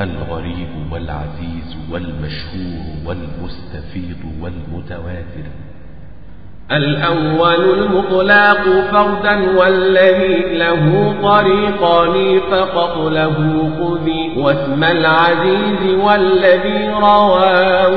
الغريب والعزيز والمشهور والمستفيض والمتواتر الأول المطلاق فردا والذي له طريقان فقط له خذي واسم العزيز والذي رواه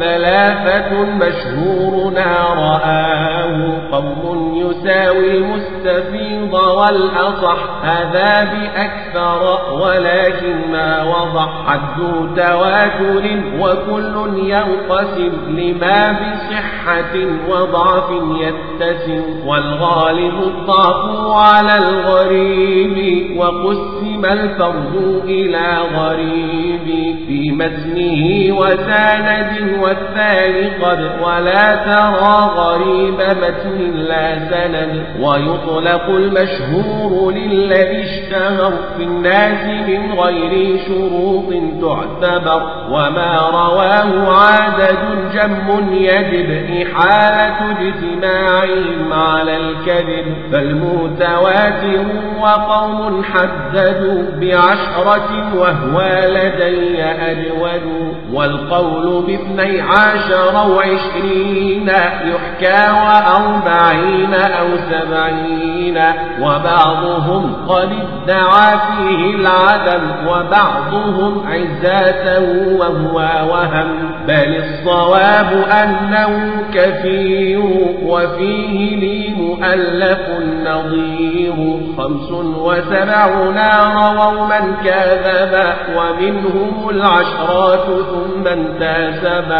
ثلاثة مشهورنا رآه قوم يساوي المستفيض والأصح هذا بأكثر ولكن ما وضح حد تواتر وكل ينقسم لما بصحة وضعف يتسم والغالب الطاف على الغريب وقسم الفرد إلى غريب في متنه وساند والثاني قد ولا ترى غريب متن لا سند ويطلق المشهور للذي اشتهر في الناس من غير شروط تعتبر وما رواه عادد جم يجب إحالة جسم اجتماعهم على الكذب فالمتواتر وقوم حددوا بعشرة وهو لدي أجود والقول باثني عشر وعشرين يحكى وأربعين أو سبعين وبعضهم قد ادعى فيه العدم وبعضهم عزاته وهو وهم بل الصواب أنه كثير وفيه لي مؤلف نظير خمس وسبعون رووا من كذب ومنهم العشرات ثم انتسب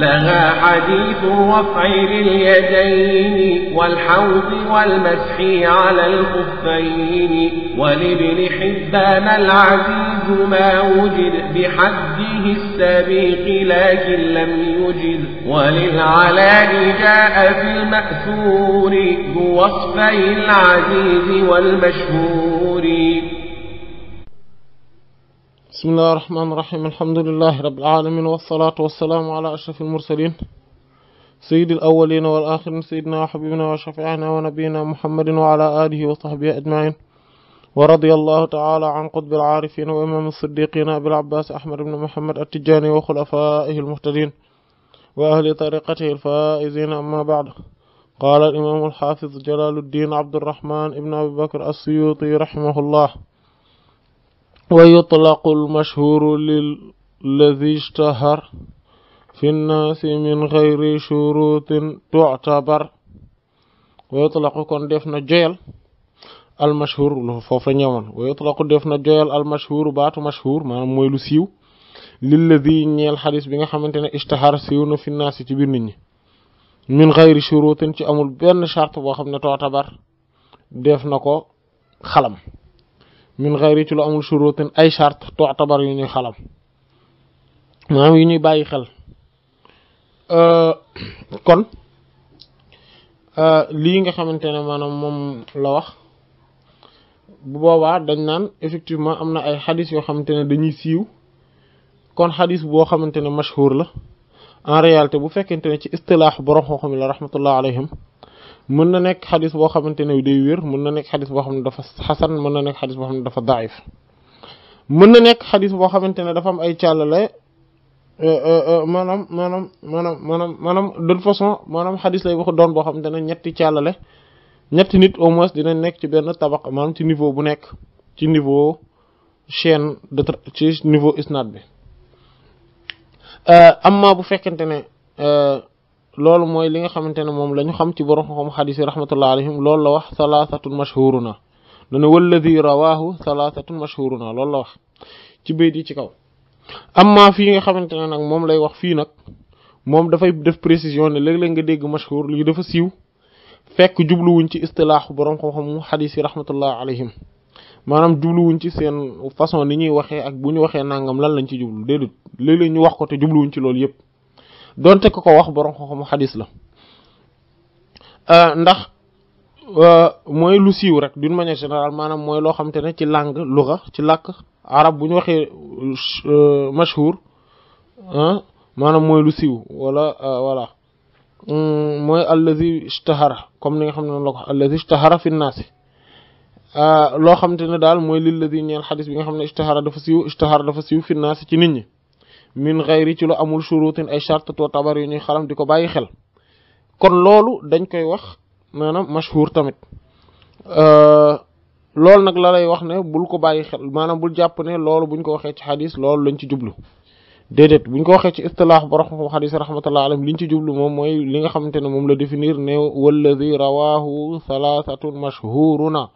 لها حديث رفع لليدين والحوض والمسح على الخفين ولابن حبان العزيز ما وجد بحده السبيق لكن لم يجد وللعلاء جاء في المأثور بوصفي العزيز والمشهور بسم الله الرحمن الرحيم الحمد لله رب العالمين والصلاة والسلام على أشرف المرسلين سيد الأولين والآخرين سيدنا وحبيبنا وشفيعنا ونبينا محمد وعلى آله وصحبه أجمعين ورضي الله تعالى عن قطب العارفين وإمام الصديقين أبي العباس أحمد بن محمد التجاني وخلفائه المهتدين وأهل طريقته الفائزين أما بعد قال الإمام الحافظ جلال الدين عبد الرحمن ابن أبي بكر السيوطي رحمه الله ويطلق المشهور للذي اشتهر في الناس من غير شروط تعتبر ويطلق كون ديفنا جيل المشهور فوف فوفا نيوان ويطلق ديفنا جيل المشهور باتو مشهور ما موي لو سيو للذي نيل حديث بيغا خامتاني اشتهر سيونو في الناس تي بير نيت من غير شروط تي امول بن شرط بو خامني توتبر ديف نكو خلام من غير تي لو امول شروط اي شرط توتبر يوني خلام مام يوني باي خل ا أه، كون ا أه، ليغا خامتاني مانام موم لا واخ bu boba dañ nan effectivement amna ay hadith yo xamantene dañuy siiw kon hadith bo xamantene mashhur la en réalité bu fekkente ci istilah borom xam-xam la rahmatullah alayhim mën na nek hadith bo xamantene day wér mën na nek hadith bo xamne dafa hasan mën na nek hadith bo xamne dafa daif mën na nek hadith bo xamantene dafa am ay càllale maanaam manam manam manam manam de toute façon manam hadith lay wax doon bo xamne dana ñetti tialale ñetti nit au moins dina nek ci ben tabaq manam ci niveau bu nek ci niveau chaîne de ci niveau isnad bi amma bu fekkente ne loolu moy li nga xamantene mom lañu xam ci borom xam hadith yi rahmatullah alayhim loolu la wax salaasatun mashhuruna dana ladhi rawahu salaasatun mashhuruna loolu la wax ci bayt yi ci kaw amma fi nga xamantene nak mom lay wax fi nak mom da fay def précision ne leg leeg nga deg mashhur li dafa siiw fekk wuñ ci istilah borom xam-xam hadith xadis rahmatullah alayhim maanaam jubluwuñ ci seen façon ni ñuy waxee ak bu ñu waxee nangam lan lañ ci jublu déedéet léeg-léeg ñu wax ko te jubluwuñ ci loolu yépp donte ko ko wax borom xam-xamu xadis la euh, ndax euh, mooy lu siiw rek d'une manière général maanaam mooy loo xamante ne ci langue luga ci làkk arab bu ñu waxee euh, mashhur maanaam mooy lu siiw wala voilà hmm, mooy allazi ishtahara comme ni nga xam ne noonu la ko allazi ishtahara fi loo xamante ne daal mooy lil ladi ñeel xadis bi nga xam ne ishtahara dafa siiw ishtahara dafa siiw fi naas ci nit ñi min xayri ci lu amul shurutin ay charte to tabar yu ñuy xalam di ko bàyyi xel kon loolu dañ koy wax maanaam mashhur tamit loolu nag la lay wax ne bul ko bàyyi xel maanaam bul jàpp ne loolu buñ ko waxee ci xadis loolu lañ ci jublu déedéet buñ ko waxee ci istilaax borom xam xadis rahmatullah alayhi liñ ci jublu moom mooy li nga xamante ne moom la définir ne walladi rawahu thalathatun mashhuruna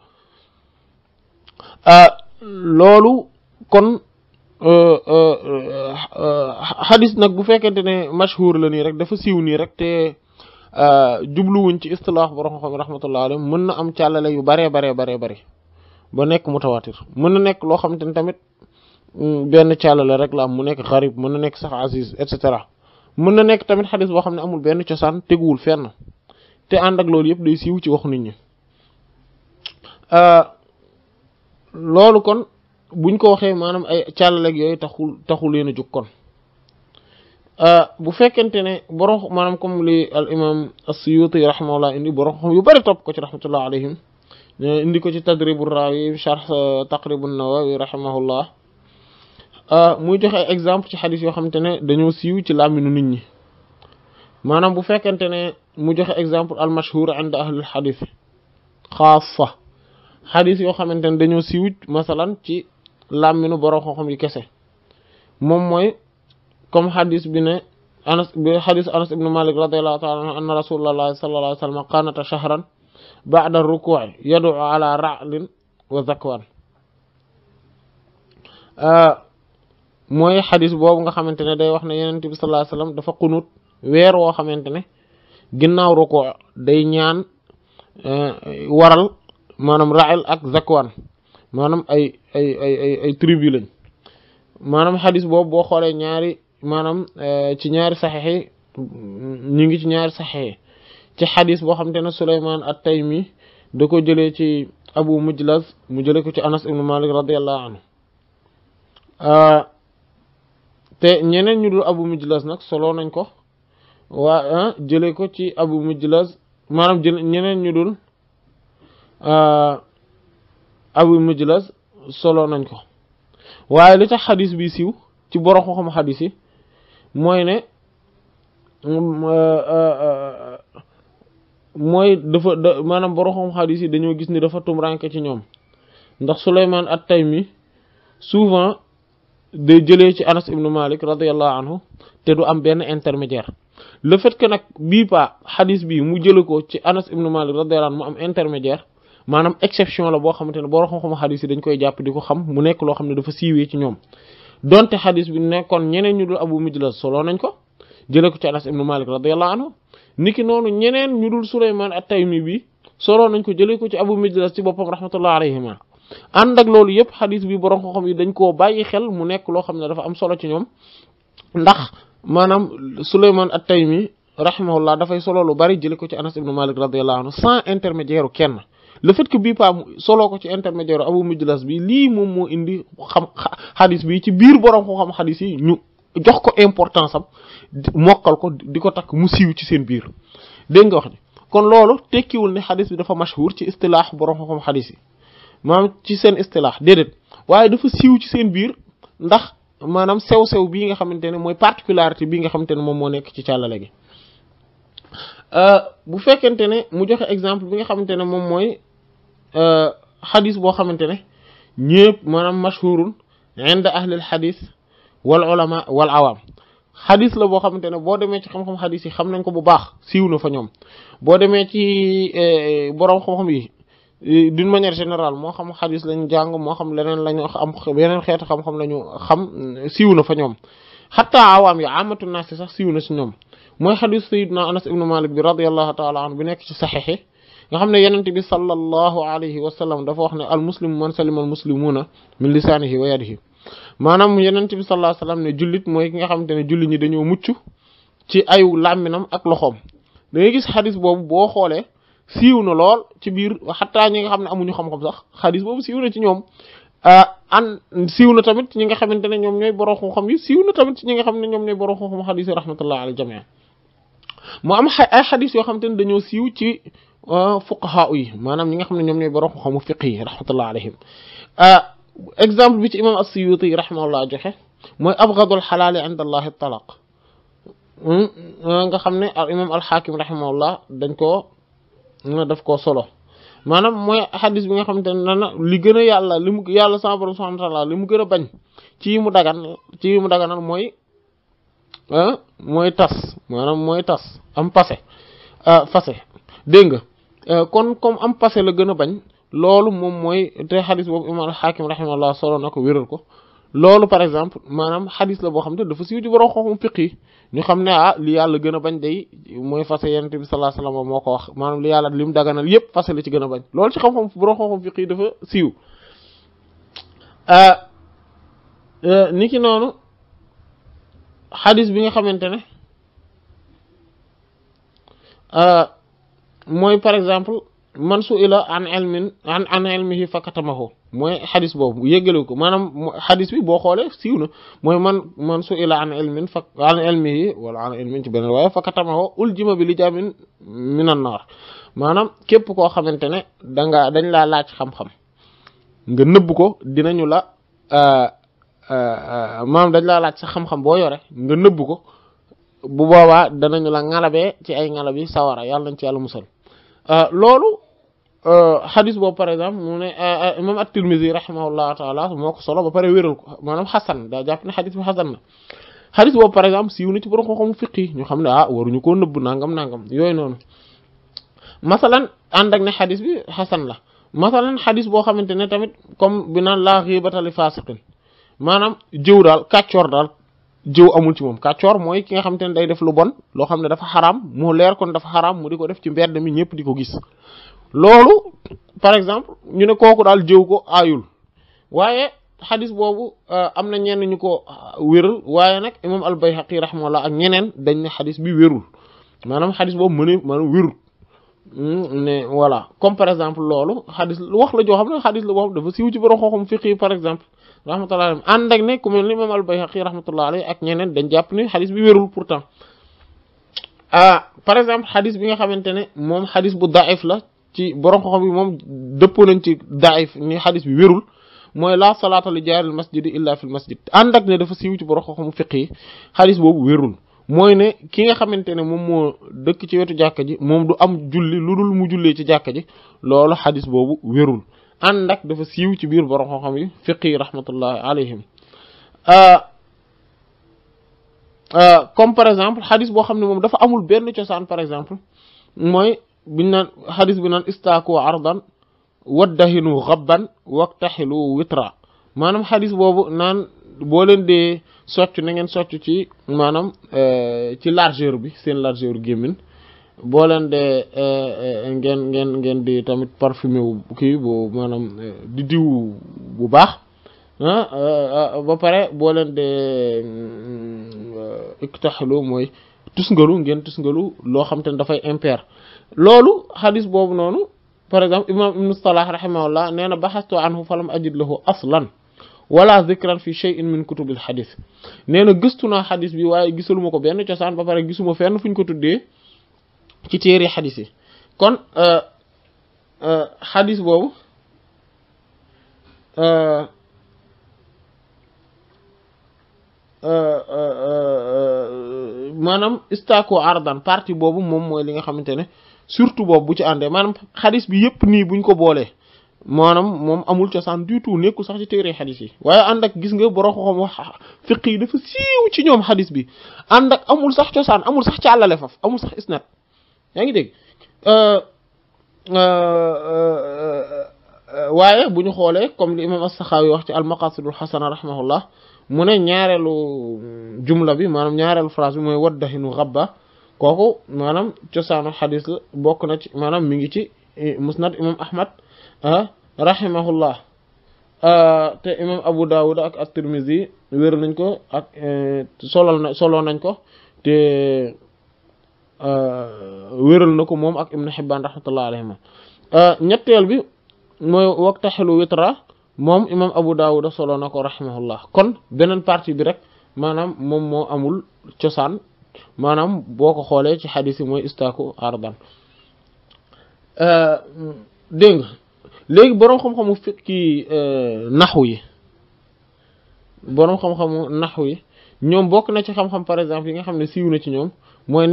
Ah, loolu kon xadis euh, euh, euh, nag bu fekkente ne mashhur la nii rek dafa siiw nii rek te ah, jubluwuñ ci istilaax borom xam rahmatullahi mën na am càllale yu baree baree baree bëri ba nekk mutawatir mën na nekk loo xamante ne tamit mm, benn càllale rek la am mu nekk xarib mën na nekk sax aziz et cetera mën na nekk tamit xadis boo xam ne amul benn cosaan teguwul fenn te ànd ak loolu yëpp day siiw ci wax nit ñi ah, loolu kon buñ ko waxee maanaam ay càllaleeg yooyu taxul taxul leen a jóg kon euh, bu fekkente ne borom maanaam comme li al imam as-Suyuti rahimahullah indi borom xam yu bëri ko ci rahmatullah alayhim indi ko ci tadribu rawi sharh taqribu nawawi rahimahullah euh, muy joxe exemple ci xadis yoo xamante ne dañoo siiw ci làmminu nit ñi maanaam bu fekkente ne mu joxe exemple al mashhur inda ahlul xadis xaasa xadis yoo xamante ne dañoo siiwit masalan ci làmminu borom xam-xam moom mooy comme xadis bi ne anas bi xadis anas ibnu malik radiallahu taala anhu anna rasulullahi sallallahu alayhi wa sallam qanata shahran yad'u ah, mooy xadis boobu nga xamante ne day wax na yenent bi sallallahu alayhi dafa qunut weer woo xamante ne ginnaaw ruku' day ñaan eh, waral maanaam Ra'el ak Zakwan maanaam ay ay ay ay ay tribu lañ maanaam xadis boobu boo xoolee ñaari maanaam eh, ci ñaari saxiix yi ñu ngi ci ñaari saxiix ci xadiis boo xam te ne Souleymane at-Taymi da ko jëlee ci Abu Mujlaz mu jëlee ko ci Anas ibn Malik radiyallahu anhu ah, te ñeneen ñu dul Abu Mujlaz nag solo nañ ko waa ah, jëlee ko ci Abu Mujlaz maanaam jël ñeneen ñu dul. Euh, abu mujlas solo nañ ko waaye li tax xadis bi siiw ci borom xam xadis yi mooy ne mm, euh, euh, mooy dafa da maanaam borom xam xadis yi dañoo gis ni dafa tumranke ci ñoom ndax Souleymane at-Taymi souvent day jëlee ci Anas ibnu Malik radiyallahu anhu te du am benn intermédiaire le fait que nag bii pa xadis bi mu jële ko ci Anas ibnu Malik radiyallahu anhu mu am intermédiaire maanaam exception la boo xamante ne boo xam-xamu dañ koy jàpp di ko nekk loo xam ne dafa siiwee ci ñoom donte xadis bi nekkoon ñeneen ñu dul abu mijlas solo nañ ko jëlee ko ci anas ibnu malik radiyallahu anhu niki noonu ñeneen ñu dul sulayman at-taymi bi solo nañ ko jëlee ko ci abu mijlas ci boppam rahmatullah alayhima ànd ak loolu yëpp xadis bi borom xam-xam yi dañ koo bàyyi xel mu nekk loo xam ne dafa am solo ci ñoom ndax maanaam sulayman at-taymi rahimahullah dafay solo lu bari jëlee ko ci anas ibnu malik radiyallahu anhu sans intermédiaire kenn le fait que bii paa soloo ko ci intermédiaire abu mujlas bi lii moom moo indi xam xadis bi ci biir borom ko xam xadis yi ñu jox ko importance am mokkal ko di ko takk mu siiw ci seen biir dégg nga wax ni kon loolu tekkiwul ne xadis bi dafa mashhur ci istilaax borom ko xam xadis yi maanaam ci seen istilaax déedéet waaye dafa siiw ci seen biir ndax maanaam sew-sew bii nga xamante ne mooy particularité bii nga xamante ne moom moo nekk ci càllale gi euh, bu fekkente ne mu joxe exemple bi nga xamante ne moom mooy xadis boo xamante ne ñëpp maanaam mashhurun inda ahlil xadis wal ulama wal awam xadis la boo xamante ne boo demee ci xam-xam xadis yi xam nañ ko bu baax siiw na fa ñoom boo demee ci boroom xam-xam yi d'une manière générale moo xam xadis lañ jàng moo xam leneen lañu am yeneen xeetu xam-xam lañu xam siiw fa ñoom xatta awaam yi amatu naas sax siiw na si ñoom mooy xadis anas ibnu malik bi radiallahu taala anhu bi nekk ci saxexe nga xamne ne yenente bi sallallahu alayhi wa sallam dafa wax ne al muslimu man salima al muslimuna min lisanihi wa yadihi manam yenente bi sallallahu alayhi wa sallam ne julit moy ki nga xamante ne ñi dañu muccu ci ayu laminam ak loxom da ngay gis hadith bobu bo xole siiw na lool ci bir hatta ñi nga xamne amuñu xam-xam sax hadith bobu siiw na ci ñoom an siiw na tamit ñi nga xamante ne ñoom ñooy borom xam yi siiw na tamit ci ñi nga xamne ñom ñoy boroxu xam hadith xadis yi rahmatullah ala jamia mu am ay hadith yo xamante dañu dañoo siiw ci fuqahaa yi maanaam ñi nga xam ne ñoom ñooy borom xam-xamu fiq yi rahmatullah alayhim exemple bi ci imam as-Suyuti rahimahullah joxe mooy abgadul xalaali inda allahi talaq nga xam ne al imam alxaakim rahimahullah dañ koo daf koo solo maanaam mooy xadis bi nga xamante ne na li gën a yàlla li mu yàlla sama borom subhanahu wa taala li mu gën a bañ ci yi mu dagan ci yi mu daganal mooy mooy tas maanaam mooy tas am passé passé dégg nga Euh, kon comme am passé la gën a bañ loolu moom mooy te xadis boobu imaam al-Hakim solo na ko wéral ko loolu par exemple maanaam xadis la boo xam te dafa siiw ci borom xooxum fiq yi xam ne ah li yàlla gën a bañ day mooy fase yenente bi sallallahu alayhi moo ko wax maanaam li yàlla li mu daganal yépp fase la ci gën a bañ loolu ci xam-xam borom dafa siiw euh, euh, ni noonu xadis bi nga xamante ne mooy par exemple man su ila an ilmin an an ilmihi fakatamahu mooy xadis boobu yéggale ko maanaam xadis bi boo xoolee siiw na mooy man man su ila an ilmin fa an ilmihi wala an ilmin ci beneen waaye fakatamahu uljima bi lijaamin minan naar maanaam képp koo xamante ne da nga dañ laa laaj xam-xam nga nëbb ko dinañu la euh, euh, maanaam dañ laa laaj sa xam-xam boo yore nga nëbb ko bu boobaa danañu la ŋalabee ci ay ŋalab yi sawara yàlla nañ ci yàlla musal Euh, loolu euh, xadis boobu par exemple mu ne euh, imam at-Tirmidhi rahimahullah taala moo ko solo ba pare wéral ko maanaam xasan daa jàpp ne xadis bi xasan na xadis boobu par exemple siiw na ci ñu xam ne ah waruñu ko nëbb nangam nangam yooyu noonu masalan ànd ak ne xadis bi xasan la masalan xadis boo xamante ne tamit comme bi laa laa xiibatali faasiqin maanaam jëw daal kàccoor daal jëw amul ci moom kàccoor mooy ki nga xam te day def lu bon loo xam ne dafa xaraam mu leer kon dafa xaraam mu di ko def ci mbedd mi ñëpp di ko gis loolu par exemple ñu ne kooku daal jëw ko aayul waaye xadis boobu euh, am na ñenn ñu ko euh, wéral waaye nag imam al bayhaqi rahimahullah ak ñeneen dañ ne xadis bi wérul maanaam xadis boobu mëne maanaam wérul hmm, ne voilà comme par exemple loolu xadis wax la joo xam ne xadis la boo dafa siiw ci borom xooxum fiqi par exemple rahmatullah alayhi ànd ak ne ku mel ni imam al-Bayhaqi rahmatullah alayhi ak ñeneen dañ jàpp ni xadis bi wérul pourtant ah par exemple xadis bi nga xamante ne moom xadis bu daif la ci borom xam moom dëppoo nañ ci daif ni xadis bi wérul mooy la salaata li jaaril masjidi illa fil ànd ak ne dafa siiw ci borom xam fiq yi xadis boobu wérul mooy ne ki nga xamante ne moom moo dëkk ci wetu jàkka ji moom du am julli lu dul mu jullee ci jàkka ji loolu xadis boobu wérul andak dafa siiw ci biir borom xam-xam yi fiqi rahmatullah alayhim euh euh comme par exemple hadith bo xamne mom dafa amul benn cosaan par exemple moy biñ nan hadith bi nan istaaku ardan wadahinu ghabban waqtahilu witra manam hadith bobu nan bo len de soccu na ngeen soccu ci manam euh ci largeur bi sen largeur gémmin bolen de dee ngeen ngeen ngeen di tamit parfumé wu kii bu maanaam di diw bu baax ba pare bolen de iktahlu moy tous tusngalu ngeen tusngalu loo xam te da fay impair loolu hadith bobu noonu par exemple imam ibn salah rahimahullah neena bahastu anhu falam ajid lahu aslan wala zikran fi shay'in min kutubil xadis nee na gëstu naa xadis bi waaye gisaluma ko benn cosaan ba pare gisuma fenn fu ñu ko tuddee ci téré hadith yi kon euh euh euh hadith bobu euh euh manam istako ardan parti bobu mom moy li nga xamantene surtout bobu bu ci andé manam hadith bi yëpp ni buñ ko bolé manam mom amul cosaan du tout nekkul sax ci téré hadith yi waye andak gis nga borom xom wax fiqi dafa siiw ci ñom hadith bi andak amul sax cosaan amul sax càllale faf amul sax isnad yaa ngi dégg euh, euh, euh, bu ñu xoolee comme li imam as-Saxaawi wax ci al-Maqaasidul Xasana rahimahullah mu ne ñaareelu jumla bi maanaam ñaareelu phrase bi mooy waddahinu xabba kooku maanaam cosaanu xadis bokk na ci maanaam mi ngi ci eh, musnad imam Ahmad ah, rahimahullah te imam Abu Dawud ak at-Tirmizi nañ ko ak eh, solol na solo nañ ko te. Euh, wéral na ko moom ak ibnu xibbaan rahmatullah alayhima euh, ñetteel bi mooy waqtaxilu witra moom imam abu daawuda solo na ko rahimahullah kon beneen partie bi rek maanaam moom moo amul cosaan maanaam boo ko xoolee ci xadis yi mooy istaaku ardan euh, dégg nga léegi boroom xam-xamu fikki naxu yi boroom xam-xamu naxu yi ñoom bokk na ci xam-xam par exemple yi nga xam ne siiw na ci ñoom mooy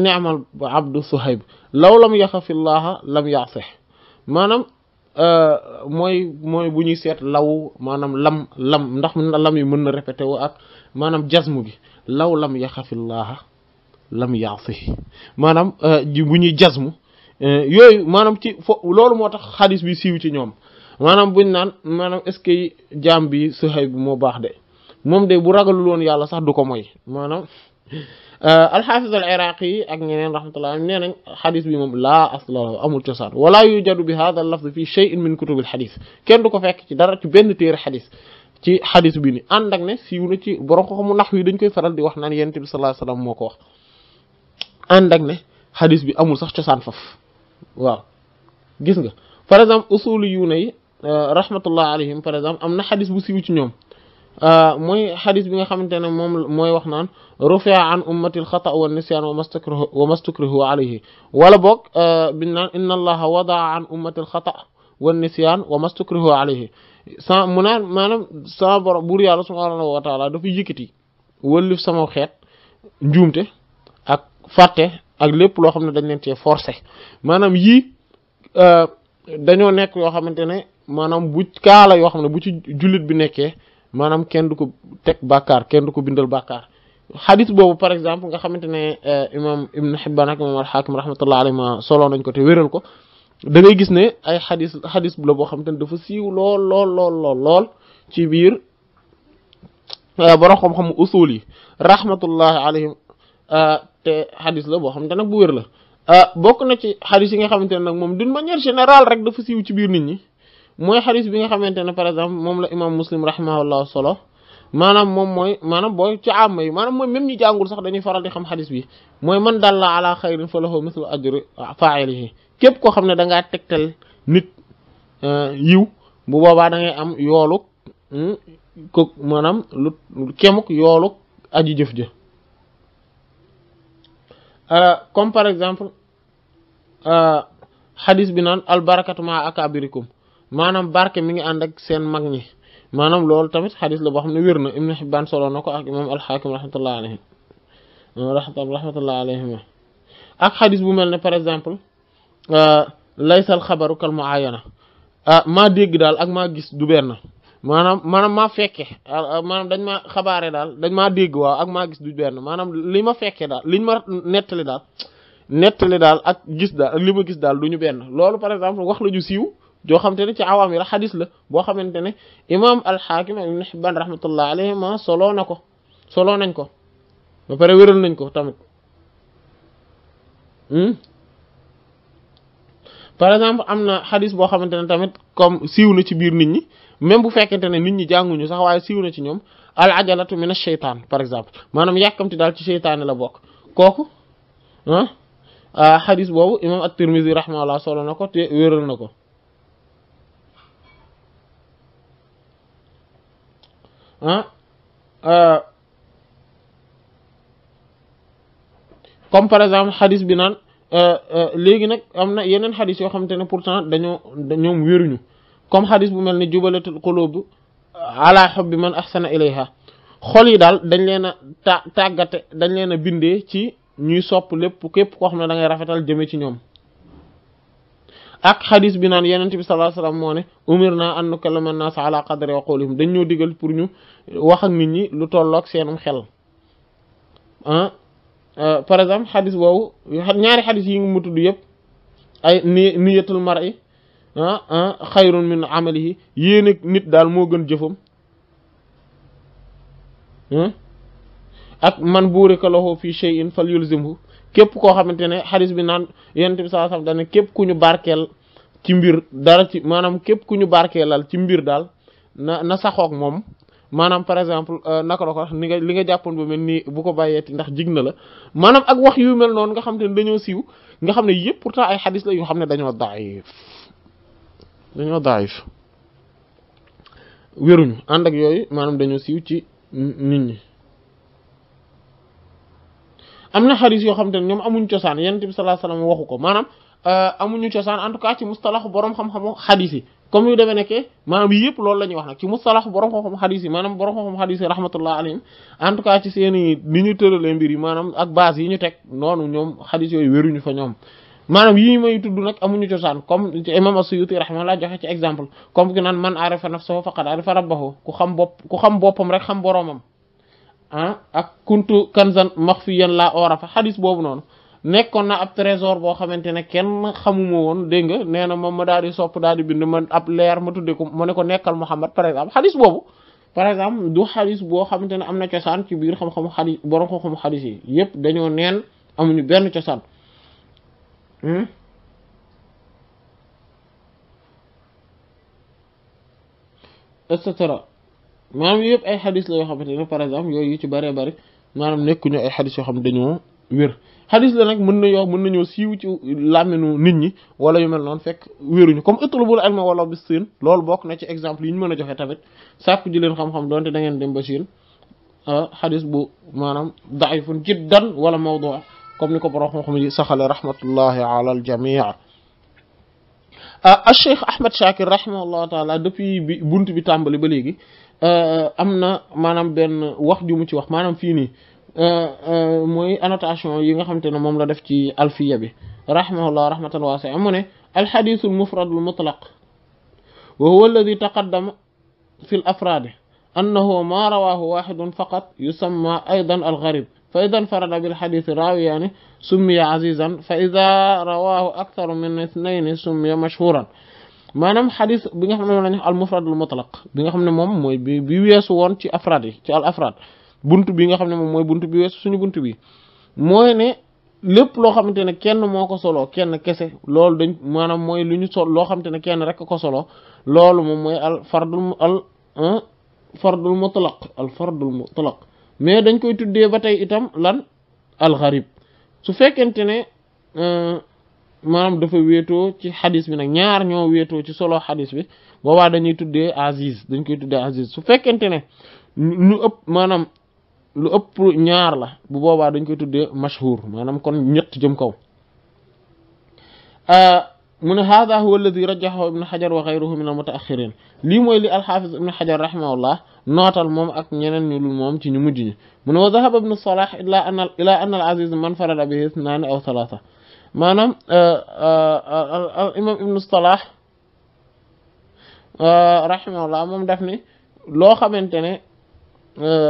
ba abdu suhayb law lam yaxafi llaaha lam yaasih maanaam euh, mooy mooy bu ñuy seet law maanaam lam lam ndax lam yi mën na répété wu ak maanaam jasmu gi law lam yaxafi llaaha lam yaasih maanaam euh, bu ñuy jasmu euh, yooyu maanaam ci fo loolu moo tax xalis bi siiw ci ñoom maanaam buñ naan maanaam est-ce que jaam bi suhayb moo baax de moom de bu ragalul woon yàlla sax du ko moy maanaam آه، الحافظ العراقي أجنين رحمة الله أجنين حديث بمم لا أصل له أمر تصار ولا يوجد بهذا اللفظ في شيء من كتب الحديث كان دوكو فيك دارا تي بن تير حديث تي حديث بني عندك نس يوني تي بروكو خمو نحو يدن كي فرال دي وحنان ينتب صلى الله عليه وسلم موكو عندك نس حديث بي أمر صح تصار فف واو جيسنجا فرزام أصول يوني رحمة الله عليهم فرزام أمنا حديث بسيوش نيوم mooy xadis bi nga xamante ne moom mooy wax naan rufia an ummatil xata wa nisyaan wa mastukrihu wa mastukrihu alayhi wala boog biñ naan inna allaha wadaa an ummatil xata wa nisyaan wa mastukrihu alayhi sa mu naan maanaam sama borom buur yàlla subhaanahu wa taala dafa yëkkati wëllif sama xeet njuumte ak fàtte ak lépp loo xam ne dañ leen cee forcé maanaam yii dañoo nekk yoo xamante ne maanaam bu kaala yoo xam ne bu ci jullit bi nekkee maanaam kenn du ko teg bàkkaar kenn du ko bindal bàkkaar xadis boobu par exemple nga xamante ne eh, imam Ibn Hibban ak imam al-Hakim rahmatullahi alayhima soloo nañ ko te wéral ko dangay gis ne ay xadiis xadis bu la boo xamante ne dafa siiw lool lool lool lool lool ci biir eh, borom xam-xam usul yi rahmatullahi alayhim eh, te xadis la boo xamante nag bu wér la bokk na ci xadis yi nga xamante ne nag moom d'une manière générale rek dafa siiw ci biir nit ñi mooy xadis bi nga xamante ne par exemple moom la imam muslim rahimahullah solo maanaam moom mooy maanaam booy ci àmma yi maanaam mooy même ñi jàngul sax dañuy faral di xam xadis bi mooy man dalla ala xayrin fa lahu mislu ajri faa'ilihi képp koo xam ne da ngaa tegtal nit euh, yiw bu boobaa da am yooluk hmm, ko maanaam lu kemuk yooluk aji jëf jë euh, comme par exemple euh, xadis bi naan albarakatu ma akabirikum maanaam barke mi ngi ànd ak seen mag ñi maanaam loolu tamit xadis la boo xam ne wér na Ibn Hibbaan soloo na ko ak imaam alxaakim rahmatullah alayhi ak xadis bu mel ne par exemple euh, laysal xabaru kal muayana ah maa dégg daal ak maa gis du benn maanaam maanaam maa fekke ah, ah, maanaam dañ ma xabaare daal dañ maa dégg waaw ak maa gis du maanaam li ma fekkee daal liñ ma nettali daal nettali daal ak gis daal li ma gis daal du ñu benn loolu par exemple wax la siiw joo xamante ne ci awaam yi la la boo xamante ne imam alxaakim ak ibn Hibbaan rahmatullah alayhima solo na ko soloo nañ ko ba pare wéral nañ ko tamit hmm? par exemple am na xadis boo xamante ne tamit comme siiw na ci biir nit ñi même bu fekkente ne nit ñi jànguñu sax waaye siiw na ci ñoom al ajalatu min ash-shaytaan par exemple maanaam yàkkamti daal ci seytaane la bokk kooku ah, ah xadis boobu imam at-Tirmidhi rahmatullah solo na ko te wéral na ko Euh, comme par exemple xadis bi naan euh, euh, léegi nag am na yeneen xadis yoo xamante ne pourtant dañoo ñoom wéruñu comme xadis bu mel ni jubalatul qulub ala bi man ahsana ilayha xol yi daal dañ leen a tàggate dañ leen a bindee ci ñuy sopp lépp képp koo xam ne da ngay rafetal jëme ci ñoom ak xadis bi naan yenente bi sallallahu alayhi wasallam moo ne umir naa an a naas ala qadri uqulihim dañ ñoo digal pour ñu wax ak nit ñi lu tolloog seenum xel ah, euh, par exemple xadis boobu ñaari xadis yi ngi mu tudd yëpp ay ni niyatul mar'i ah, ah min amalihi yéene nit daal moo gën jëfam hmm? ak man buurika lahu fi shay'in falyulzimhu képp koo xamante ne xadis bi naan yonent bi saa sax dane képp ku ñu barkeel ci mbir dara ci maanaam képp ku ñu barkeelal ci mbir daal na na saxoog moom maanaam par exemple euh, naka la ko li nga jàppoon ba mel nii bu ko ti ndax jig na la maanaam ak wax yu mel noonu nga xam te ne dañoo siiw nga xam ne yëpp pourtant ay xadis la yoo xam ne dañoo daif dañoo daif wéruñu ànd ak yooyu maanaam dañoo siiw ci nit ñi am na xadis yoo xam te ne ñoom amuñu cosaan yonent bi sallallahu alayhi wasallam waxu ko maanaam euh, borom xam-xamu xadis yi yu demee nekke maanaam yëpp lool la ñuy wax nag ci mustalaxu borom xam maanaam borom xam-xamu xadis yi rahmatullah alayhim en tout i ni ñu tëralee mbir yi maanaam ak base yi ñu teg noonu ñoom xadis yooyu wéruñu fa ñoom maanaam yi may tudd nag amuñu cosaan comme imam as-Suyuti rahimahullah joxe ci exemple comme ki naan man arafa nafsahu faqad arafa rabbahu ku xam ku xam boppam ah ak kuntu kanzan maxfiyan laa orafa xadis boobu noonu nekkoon na ab trésor boo xamante ne kenn xamuma woon dégg nga nee na moom ma daal di sopp daal di bind ma ab leer ma tudde ko ma ne ko nekkal Muhammad par exemple xadis boobu par exemple du xadis boo xamante ne am na cosaan ci biir xam-xamu xadis borom xam-xamu xadis yi yépp dañoo neen amuñu benn cosaan hmm? et cetera manam yëpp ay hadith la yoo xamante par exemple yoy yu ci bare bëri maanaam nekkuñu ay hadith yo xam dañu wér hadith la nak mën na yo mën nañoo siwu ci laminu nit ñi wala yu mel noonu fekk wéruñu comme utlubul ilma wala bisin lool bok na ci exemple yi ñu mën joxe tamit sàkku ji leen xam-xam doonte da ngeen dem ba hadith bu manam daifun jiddan wala mawdu comme niko ko borom xam-xam yi saxale rahmatullahi ala al jami' ah cheikh ahmad shakir rahimahullahu taala depuis bi bunt bi tàmbali ba léegi am na maanaam benn wax ju mu ci wax manam fi ni mooy annotation yi nga xamantene mom la def ci alfiya bi rahmahu allah rahmatan wasi'a al hadith al mufrad al mutlaq wa huwa alladhi taqaddam fi al afrad annahu ma rawahu wahid faqat yusamma aydan al gharib fa ida infarada bilxadisi raawiyaani summiya azizan fa idha rawahu akthar min ithnayni summiya mashhuran maanaam xadis bi nga xam ne moom lañu al mufradul xam ne moom mooy bi weesu woon ci afraad yi ci al afraad bunt bi nga xam ne moom mooy bunt bi weesu suñu bunt bi mooy ne lépp loo xamante ne kenn moo ko soloo kenn kese loolu dañ maanaam mooy lu ñu sol loo xamante ne kenn rek ko solo loolu moom mooy al fardul al fardul mutlaq al fardul mutlaq mais dañ koy tuddee ba tey itam lan al gharib su fekkente ne euh, maanaam dafa wéetoo ci xadis bi nag ñaar ñoo wéetoo ci solo xadis bi boobaa dañuy tuddee aziz dañ koy tuddee aziz su fekkente ne lu ëpp maanaam lu ëpp ñaar la bu boobaa dañ koy tuddee mashhur maanaam kon ñett jëm kaw ah, mu ne hada huwa alladi rajaxahu ibnu xajar wa xayruhu min al mutaaxirin lii mooy li alxaafis ibnu xajar rahimahullah nootal moom ak ñeneen ñu moom ci ñu mujj ñi mu ne wa dahaba ibnu salah ila an ila man farada bihi isnaani aw salaasa maanaam imam ابن الصلاح رحمه الله def ni لو xamante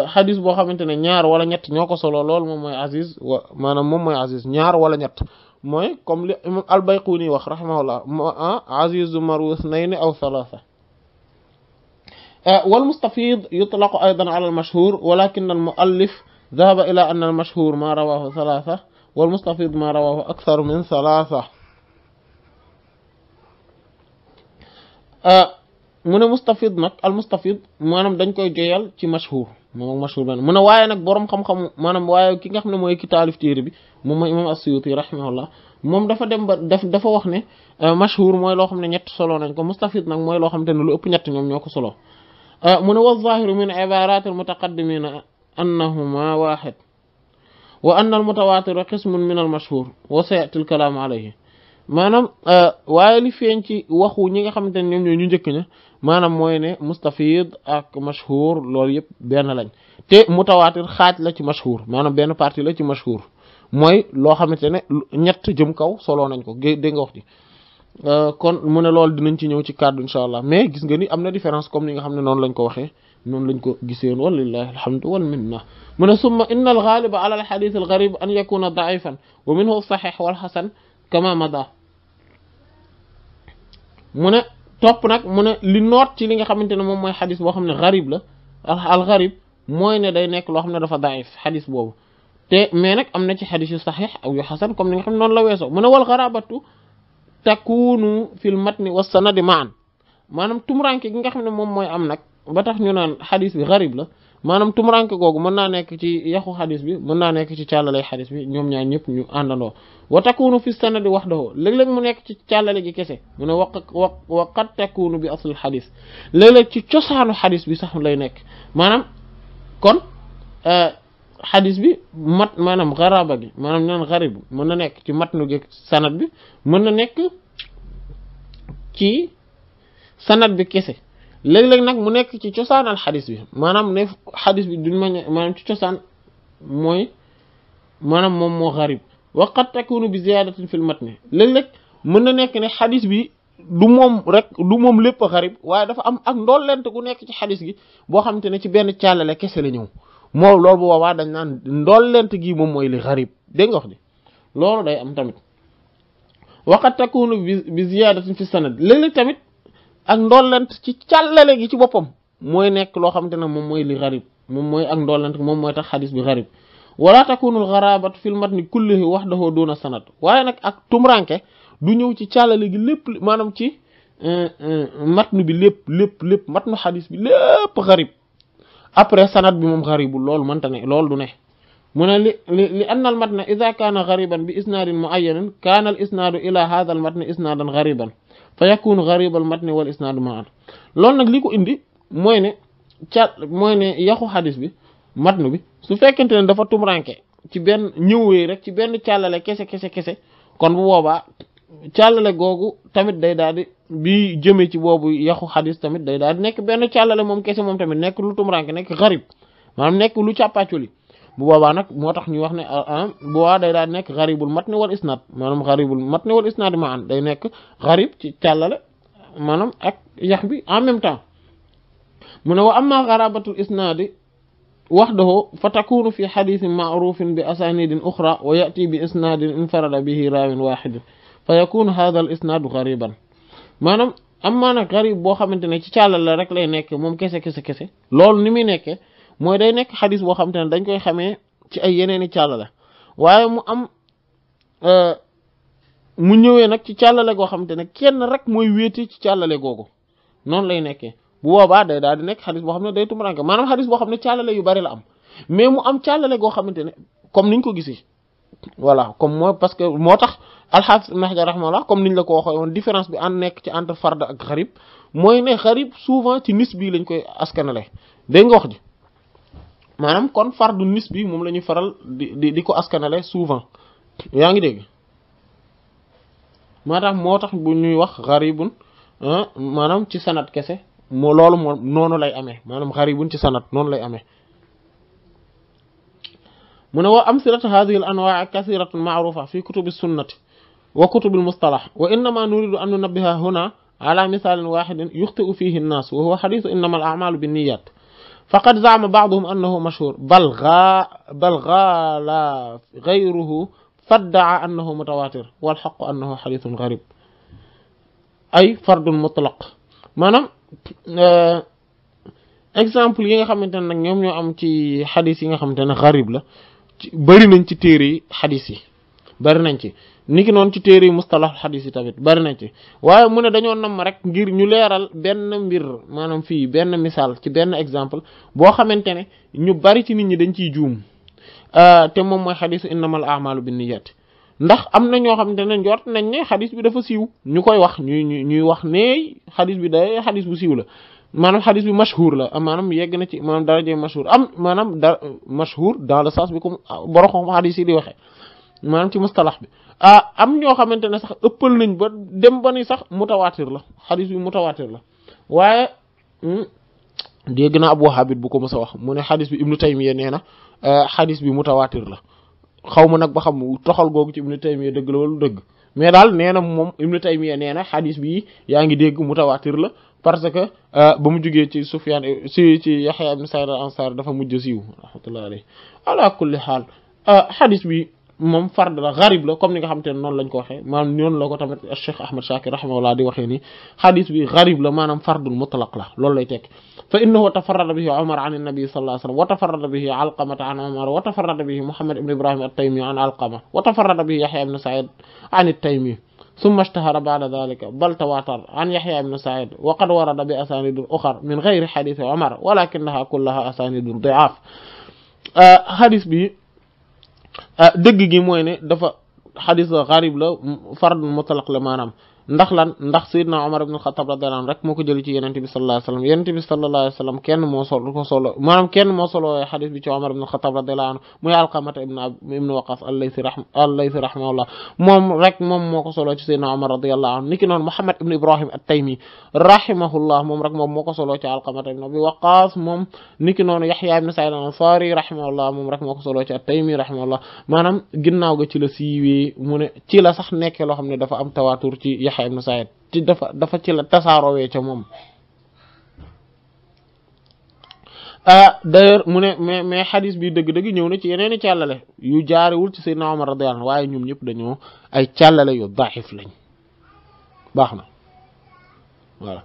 حديث بو boo xamante ñaar wala ñet ñoko solo lol mom moy aziz manam mom moy aziz ñaar wala ñet moy comme li imam albayquni wax rahmahu allah aziz marwus nayni aw thalatha والمستفيض يطلق أيضا على المشهور ولكن المؤلف ذهب إلى أن المشهور ما رواه ثلاثة والمستفيد ما رواه أكثر من ثلاثة من المستفيد نك المستفيد ما نم دنكو جيال تي مشهور مو مشهور بان من واي نك بوروم خم خم ما نم واي كيغا خن موي كي تالف تيري بي موم امام السيوطي رحمه الله موم دا فا ديم دافا دافا واخني مشهور موي لو خمني نيت سولو نكو مستفيد نك موي لو خمتي لو اوب نيت نيوم نيوكو سولو من هو الظاهر من عبارات المتقدمين انهما واحد wa anna al mutawaatira qismun min al mashhur wa sayati al kalaamu alayhi maanaam euh, waaye li feeñ ci waxu ñi nga xamante ne ñoom ñoo ñu njëkk ña maanaam mooy ne mustafid ak mashhur lool yëpp benn lañ te mutawaatir xaaj la ci mashhur maanaam benn partie la ci mashhur mooy loo xamante ne ñett jëm kaw soloo nañ ko dégg nga wax ji euh, kon mu ne loolu dinañ ci ñëw ci kàddu incha allah mais gis nga ni am na différence comme ni nga xam ne noonu lañ ko waxe noonu lañ ko giseen walillahi alhamdu wal minna mu ne summa inna algaaliba ala alxadis algarib an yakuna daifan wa minhu saxix walxasan kama mada mu ne topp nag mu ne li noot ci li nga xamante ne moom mooy xadis boo xam ne garib la algarib mooy ne day nekk loo xam ne dafa daif xadis boobu te mais nag am na ci xadis yu saxix aw yu xasan comme ni nga xam ne noonu la weesoo mu ne wal garabatu takunu fil matni wa sanadi maan maanaam tumuranke gi nga xam ne moom mooy am nag ba tax ñu naan hadith bi gharib la maanaam tumuranke gogu mën na nek ci yahu hadith bi mën na nek ci càllalay hadith bi ñom ñaan ñep ñu àndandoo wa takunu fi sanadi wahdahu leg leg mu nek ci càllale gi kesse mu ne wa qad takunu bi asl hadith leg leg ci ciosanu hadith bi sax lay nek manam kon euh hadith bi mat manam gharaba gi manam naan gharib mën na nek ci matnu gi sanad bi mën na nek ci sanad bi kesse leg leg nak mu nek ci ciosan al hadith bi manam ne hadith bi duñ manam ci ciosan moy manam mom mo gharib wa qad takunu bi ziyadatin fil matn leg leg mën na nek ne hadith bi du mom rek du mom lépp gharib waye dafa am ak ndolent gu nek ci hadith gi bo xamantene ci ben càllale kesse la ñëw mo lol bu wawa dañ nan ndolent gi mom moy li gharib de nga wax ni lolu day am tamit wa qad takunu bi ziyadatin fi sanad leg leg tamit ak ndolant ci càllale gi ci bopam moy nek lo xamantene mom moy li gharib mom moy ak ndolant mom moy tax hadith bi gharib wala takunul gharabat fil matni kullihi wahdahu duna sanad waye nak ak tumranke du ñëw ci càllale gi lépp manam ci matnu bi lépp lépp lépp matnu hadith bi lépp gharib après sanad bi mom gharib lool man tane lool du ne mu li li al matna idha kana ghariban bi isnad muayyan kana al isnad ila hadha al matn isnadan ghariban fa yakunu garibal matni wal isnaadu maan loolu nag li ko indi mooy ne ca mooy ne yaxu xadis bi matnu bi su fekkente ne dafa tumranke ci benn ñëwee rek ci benn càllale kese kese kese kon bu boobaa càllale googu tamit day daal di bi jëmee ci boobu yaxu xadis tamit day daal di nekk benn càllale moom kese moom tamit nekk lu tumranke nekk garib maanaam nekk lu càppaaculi bu boba nak motax ñu wax ne bu wa day da nek gharibul matn wal isnad manam gharibul matn wal isnad ma an day nek gharib ci tialale manam ak yah bi en même temps mu ne wa amma xarabatul isnaadi وحده فتكون في حديث معروف بأسانيد أخرى ويأتي بإسناد انفرد به راو واحد فيكون hadha al isnad ghariban manam amma garib gharib bo xamantene ci tialale rek lay nek mom kesse kesse kesse loolu ni mi nekke mooy day nekk xadis boo xam te ne dañ koy xamee ci ay yeneeni càllale waaye mu am euh, mu ñëwee nag ci càllale goo xam ne kenn rek mooy wéete ci càllale googu noonu lay nekkee bu boobaa day daal di nekk xadis boo xam ne day tumuranke maanaam xadis boo xam ne càllale yu bari la am mais mu am càllale goo xamante ne comme niñ ko gisee voilà comme mooy parce que moo tax alxaafis ibn Hajar rahimahullah comme niñ la ko waxee woon différence bi ànd nekk ci entre fard ak xarib mooy ne xarib souvent ci nis bii lañ koy askanale dégg nga wax ji manam kon fardu nis bi moom la faral di diko askanale souvent yaa ngi dégg maanaam moo bu ñuy wax xaribun manam ci sanat kesse mo loolu moom noonu lay amé manam gharibun ci sanat non lay amé mu ne wa amsilatu hadihi al anwaa kasiratun ma'rufa fi kutub kutubi sunnah wa kutub al mustalah wa innama nuridu an nunabbiha huna ala misalin waxidin yuxti fihi fihi nas wa huwa xadisu innama al amalu binniyat فقد زعم بعضهم أنه مشهور بل غا بل غالا غيره فادعى أنه متواتر والحق أنه حديث غريب أي فرد مطلق مانام اكزامبل ييغا خامتاني نك نيوم نيو ام تي حديث ييغا خامتاني غريب لا بارينن تي تيري حديثي بارينن تي niki noonu ci téere yi mustalax xadis yi tamit bari na ci waaye mu ne dañoo namm rek ngir ñu leeral benn mbir maanaam fii benn misaal ci benn exemple boo xamante ne ñu bari ci nit ñi dañ ciy juum ah, te moom mooy xadisu innamal amalu binniyat ndax am na ñoo xamante ne njort nañ ne xadis bi dafa siiw ñu koy wax ñuy ñuy wax ne xadis bi day xadis bu siiw la maanaam xadis bi mashhur la maanaam yegg na ci maanaam daraje mashhur am maanaam da mashhur dans le sens bi comme boroxom xadis di waxee maanaam ci bi ah am ñoo xamante ne ëppal nañ ba dem ba ni sax mutawaatir la xadis bi mutawaatir la waaye hmm, dégg naa ab wahabit bu ko mës mu ne xadis bi ibnu taymiya nee na ah, xadis bi mutawaatir la xaw ma nag ba xam toxal googu ci ibnu taymiya dëgg la dëgg mais daal nee na moom ibnu taymiya nee na xadis bi yaa ngi dégg mutawaatir la parce que ah, ba mu jógee ci sufyan si ci yaxya ibn sa'id al ansar dafa mujj siiw rahmatullahi alayhi ala kulli xaal ah, bi mom fard la gharib la comme ni nga xamantene non lañ ko waxe maanaam noonu la ko tamit Cheikh Ahmad Shakir rahimahullah di waxe ni hadith bi gharib la manam fardul mutlaq la lol lay tek fa innahu tafarrada bihi Umar an nabi sallallahu alayhi wasallam wa tafarrada bihi Alqama an Umar wa tafarrada bihi Muhammad ibn Ibrahim at-Taymi an Alqama wa tafarrada bihi Yahya ibn Sa'id an at-Taymi ثم اشتهر بعد ذلك بل تواتر عن يحيى بن سعيد وقد ورد بأسانيد اخرى من غير حديث عمر ولكنها كلها أسانيد ضعاف حديث بي Ah, dëgg gi mooy ne dafa xadis la xarib la fard mutlaq la maanaam ndax lan ndax sayyidna Umar ibn al-Khattab radiyallahu anhu rek moo ko jëlee ci yonent bi sallallahu alayhi wasallam yonent bi sallallahu alayhi wasallam kenn moo solo ko solo maanaam kenn moo solo xadis bi ci Umar ibn al-Khattab radiyallahu anhu muy Alqamata ibn ibn Waqas al-Laysi rahm al-Laysi rahimahullah moom rek moom solo ci Umar radiyallahu anhu niki noonu Muhammad ibn Ibrahim at-Taymi rahimahullah moom rek solo ci Alqamata ibn Abi niki noonu Yahya ibn Sa'id al-Ansari rahimahullah moom rek solo ci at-Taymi rahimahullah maanaam ci la siiwee mu ci la sax nekkee loo xam ne dafa am tawaatur ci Yahya ibn Sa'id ci dafa dafa ci la tasaaroowee ca moom d'ailleurs mu ne mais mais xadis bi dëgg-dëgg ñëw na ci yeneen i càllale yu jaarewul ci Seydina Omar radiyallahu anhu waaye ñoom ñëpp dañoo ay càllale yu daxif lañ baax na voilà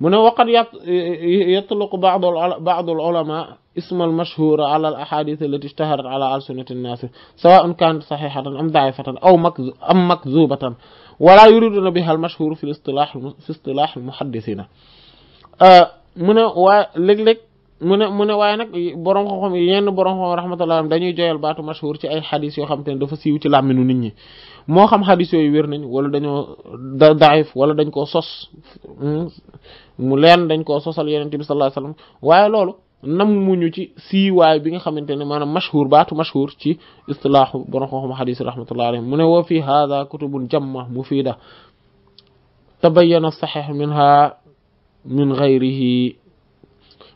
mu ne waqad yatluqu ba'd ba'd al-ulama ism al-mashhur ala al-ahadith allati ishtaharat ala alsunati an-nas sawa'an kanat sahihatan am da'ifatan aw am makzubatan wala yuriduna biha al mashhur fi istilah fi istilah al muhaddisina euh, mu ne waaye léeg-léeg mu ne mu ne waaye nag borom xam-xam yenn borom xam rahmatullah dañuy joyal baatu mashhur ci ay xadis yoo xam te dafa siiw ci làmminu nit ñi moo xam xadis yooyu wér nañ wala dañoo da daif wala dañ koo sos hmm, mu leen dañ koo sosal yeneen bi sallallahu alayhi wasallam waaye loolu nammuñu ci siiwaay bi nga xamante ne maanaam mashhur baatu mashhur ci istilaahu borom xam-xam xadis rahmatullahi alayhim mu ne wa fi hada kutubun jamma mufida tabayyana saxeex minha min gayrihi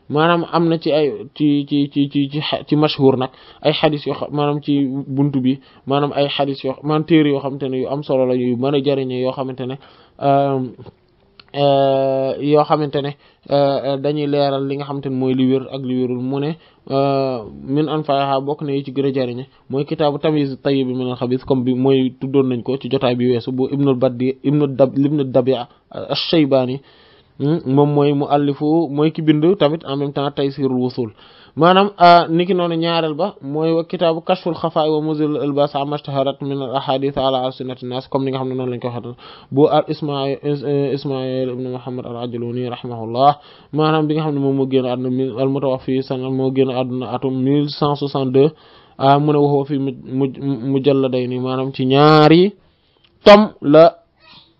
maanaam am na ci ay ci ci ci ci ci ci mashhur nag ay xadis yoo xam maanaam ci buntu bi maanaam ay xadis yoo maanaam yoo xamante ne yu am solo la yu mën a yoo xamante ne um, Euh, yoo xamante ne euh, euh, dañuy leeral li nga xamante ne mooy li wér ak li wérul mu ne min an fayaha bokk na yi ci gën a mooy kitaabu tamyiz tayyib bi al xabis comme bi mooy tuddoon nañ ko ci jotaay bi weesu bu ibnul baddi ibnu dab ibnu dabia ash-shaybaani hmm, moom mooy mu allifu mooy ki bind tamit en même temps taysirul wusul maanaam niki noonu ñaareel ba mooy wa kitaabu kashful xafaay wa muzil albas amma ishtaharat min al ahadith ala alsinati nas comme ni nga xam ne noonu lañ ko waxee bu al ismail eh, ismail muhammad al ajluni rahimahullah maanaam bi nga xam ne moom moo génn àdduna al mutawaffi sana moo génn àdduna atum 1162 a mu ne waxoo fi mu mujalladay nii maanaam ci ñaari tom la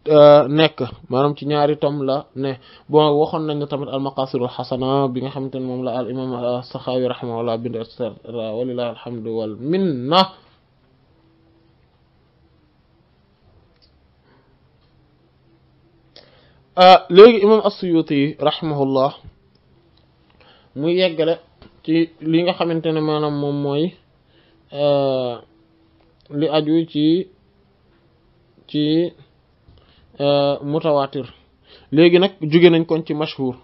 Euh, nekk maanaam ci ñaari tom la ne bon waxoon nañ tamit al maqasidul xasana bi nga xamante ne moom la al imam saxaawi rahimahullah bind et cetera walilahi alhamdu minna euh, léegi imam as-suyuti rahimahullah muy yeggale ci li nga xamante ne maanaam moom mooy euh, li aju ci ci Euh, mutawatir léegi nag jóge nañ kon ci mashhur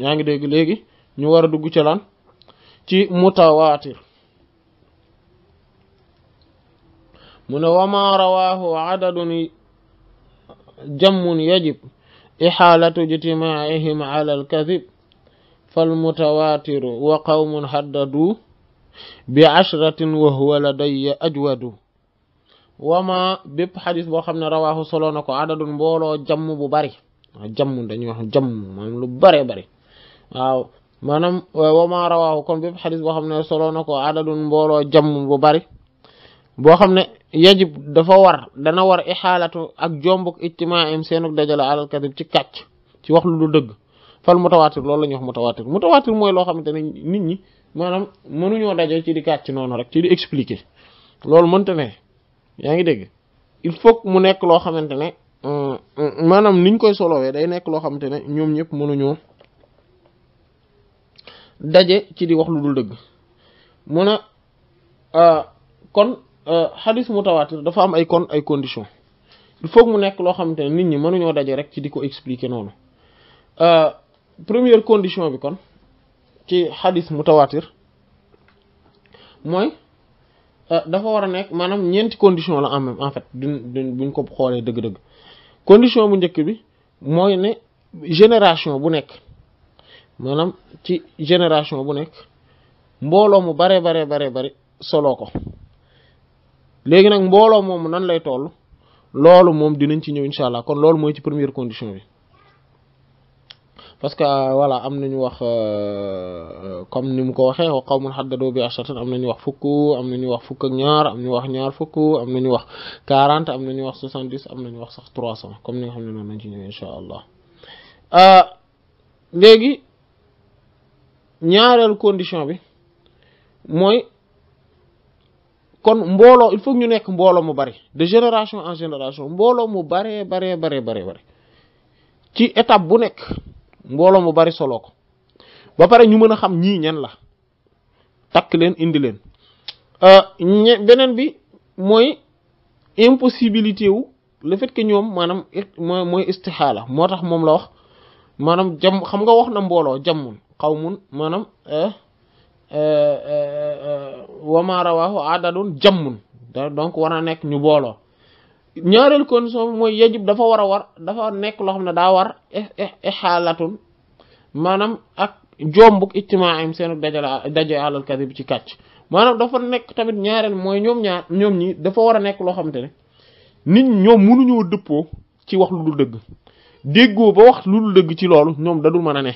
yaa ngi dégg léegi ñu war a dugg ci lan ci mutawatir mu ne wa ma rawahu adadun jammun yajib ixaalatu jitimaaihim ala alkadib falmutawatiru wa qawmun haddadu bi ashratin wa huwa ladaya ajwadu wama bépp xadis boo xam ne rawaahu solo na ko adadun mbooloo jàmm bu bari jàmm dañuy wax jàmm maanaam lu bare bari maanaam wama rawaahu kon bépp xadis boo xam ne solo na ko adadun mbooloo jàmm bu bari boo xam ne yajib dafa war dana war ixaalatu ak jombuk ijtimaa'im seenuk dajale alal kadib ci kàcc ci wax lu du dëgg fal mutawaatir loolu la ñuy wax mutawaatir mutawaatir mooy loo xam ne nit ñi maanaam mënuñoo daje ci di kàcc noonu rek ci di expliquer loolu mënta ne yaa ngi dégg il faut mu nekk loo xamante ne euh, euh, maanaam niñ koy solowee day nekk loo xamante ne ñoom ñëpp mënuñoo daje ci di wax lu dul dëgg mu ne euh, kon xadis mutawaatir dafa am ay kon ay condition il faut mu nekk loo xamante ne nit ñi mënuñoo daje rek ci di ko expliquer noonu première condition bi kon ci xadis mutawaatir mooy Euh, dafa war a nekk maanaam ñeenti condition la en même en fait duñ duñ buñ ko xoolee dëgg-dëgg condition bu njëkk bi mooy ne génération bu nekk maanaam ci génération bu nekk mbooloo mu bare bare bare bari soloo ko léegi nag mbooloo moomu nan lay toll loolu moom dinañ ci ñëw incha allah kon loolu mooy ci première condition bi parce que euh, voilà am nañu wax euh, euh, comme ni mu ko waxee wa qawmun haddadoo bi ashratin am nañu wax fukk am nañu wax fukk ak ñaar am nañu wax ñaar fukk am nañu wax quarante am nañu wax soixante dix am nañu wax sax trois cent comme ni nga xam ne noonu nañ ci ñëw allah léegi ñaareelu condition bi mooy kon mbooloo il faut ñu nekk mbooloo mu bari de génération en génération mbooloo mu baree baree baree baree bari ci étape bu nekk mbolo mu bari solo ko ba pare ñu mëna xam ñi ñan la tak leen indi leen euh, benen bi moy impossibilité wu le fait que ñom manam moy mooy istixaala moo tax la wax manam jam xam nga wax na mbolo jamun qawmun euh, euh, wa ma rawahu adadun jamun donc war nek ñu bolo ñaareelu condition mooy yajib dafa war a war dafa nekk loo xam ne daa war ixaalatun maanaam ak jombuk ijtimaa'im seen dajale daje alal bi ci kàcc maanaam dafa nekk tamit ñaareel mooy ñoom ñaar ñoom ñi dafa war a nekk loo xamante ne nit ñoo mënuñoo dëppoo ci wax lu dul dëgg déggoo ba wax lu dul dëgg ci loolu ñoom dadul mën a ne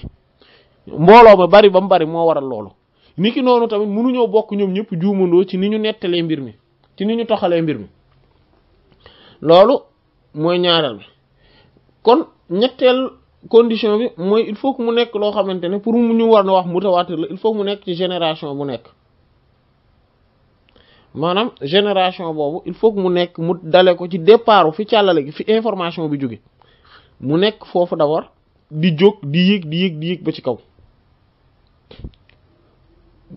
mbooloo ma bari ba mu bari moo waral loolu niki noonu tamit mënuñoo bokk ñoom ñëpp juumandoo ci ni ñu nettalee mbir mi ci ni ñu toxalee mbir mi loolu mooy ñaareel bi kon ñetteel condition bi mooy il faut mu nekk loo xamante ne pour mu ñu war na wax mutawaatir la il faut mu nekk ci génération bu nekk maanaam génération boobu il faut mu nekk mu dale ko ci départ fi càllale gi fi information bi jóge mu nekk foofu d'abord di jóg di yéeg di yéeg di yéeg ba ci kaw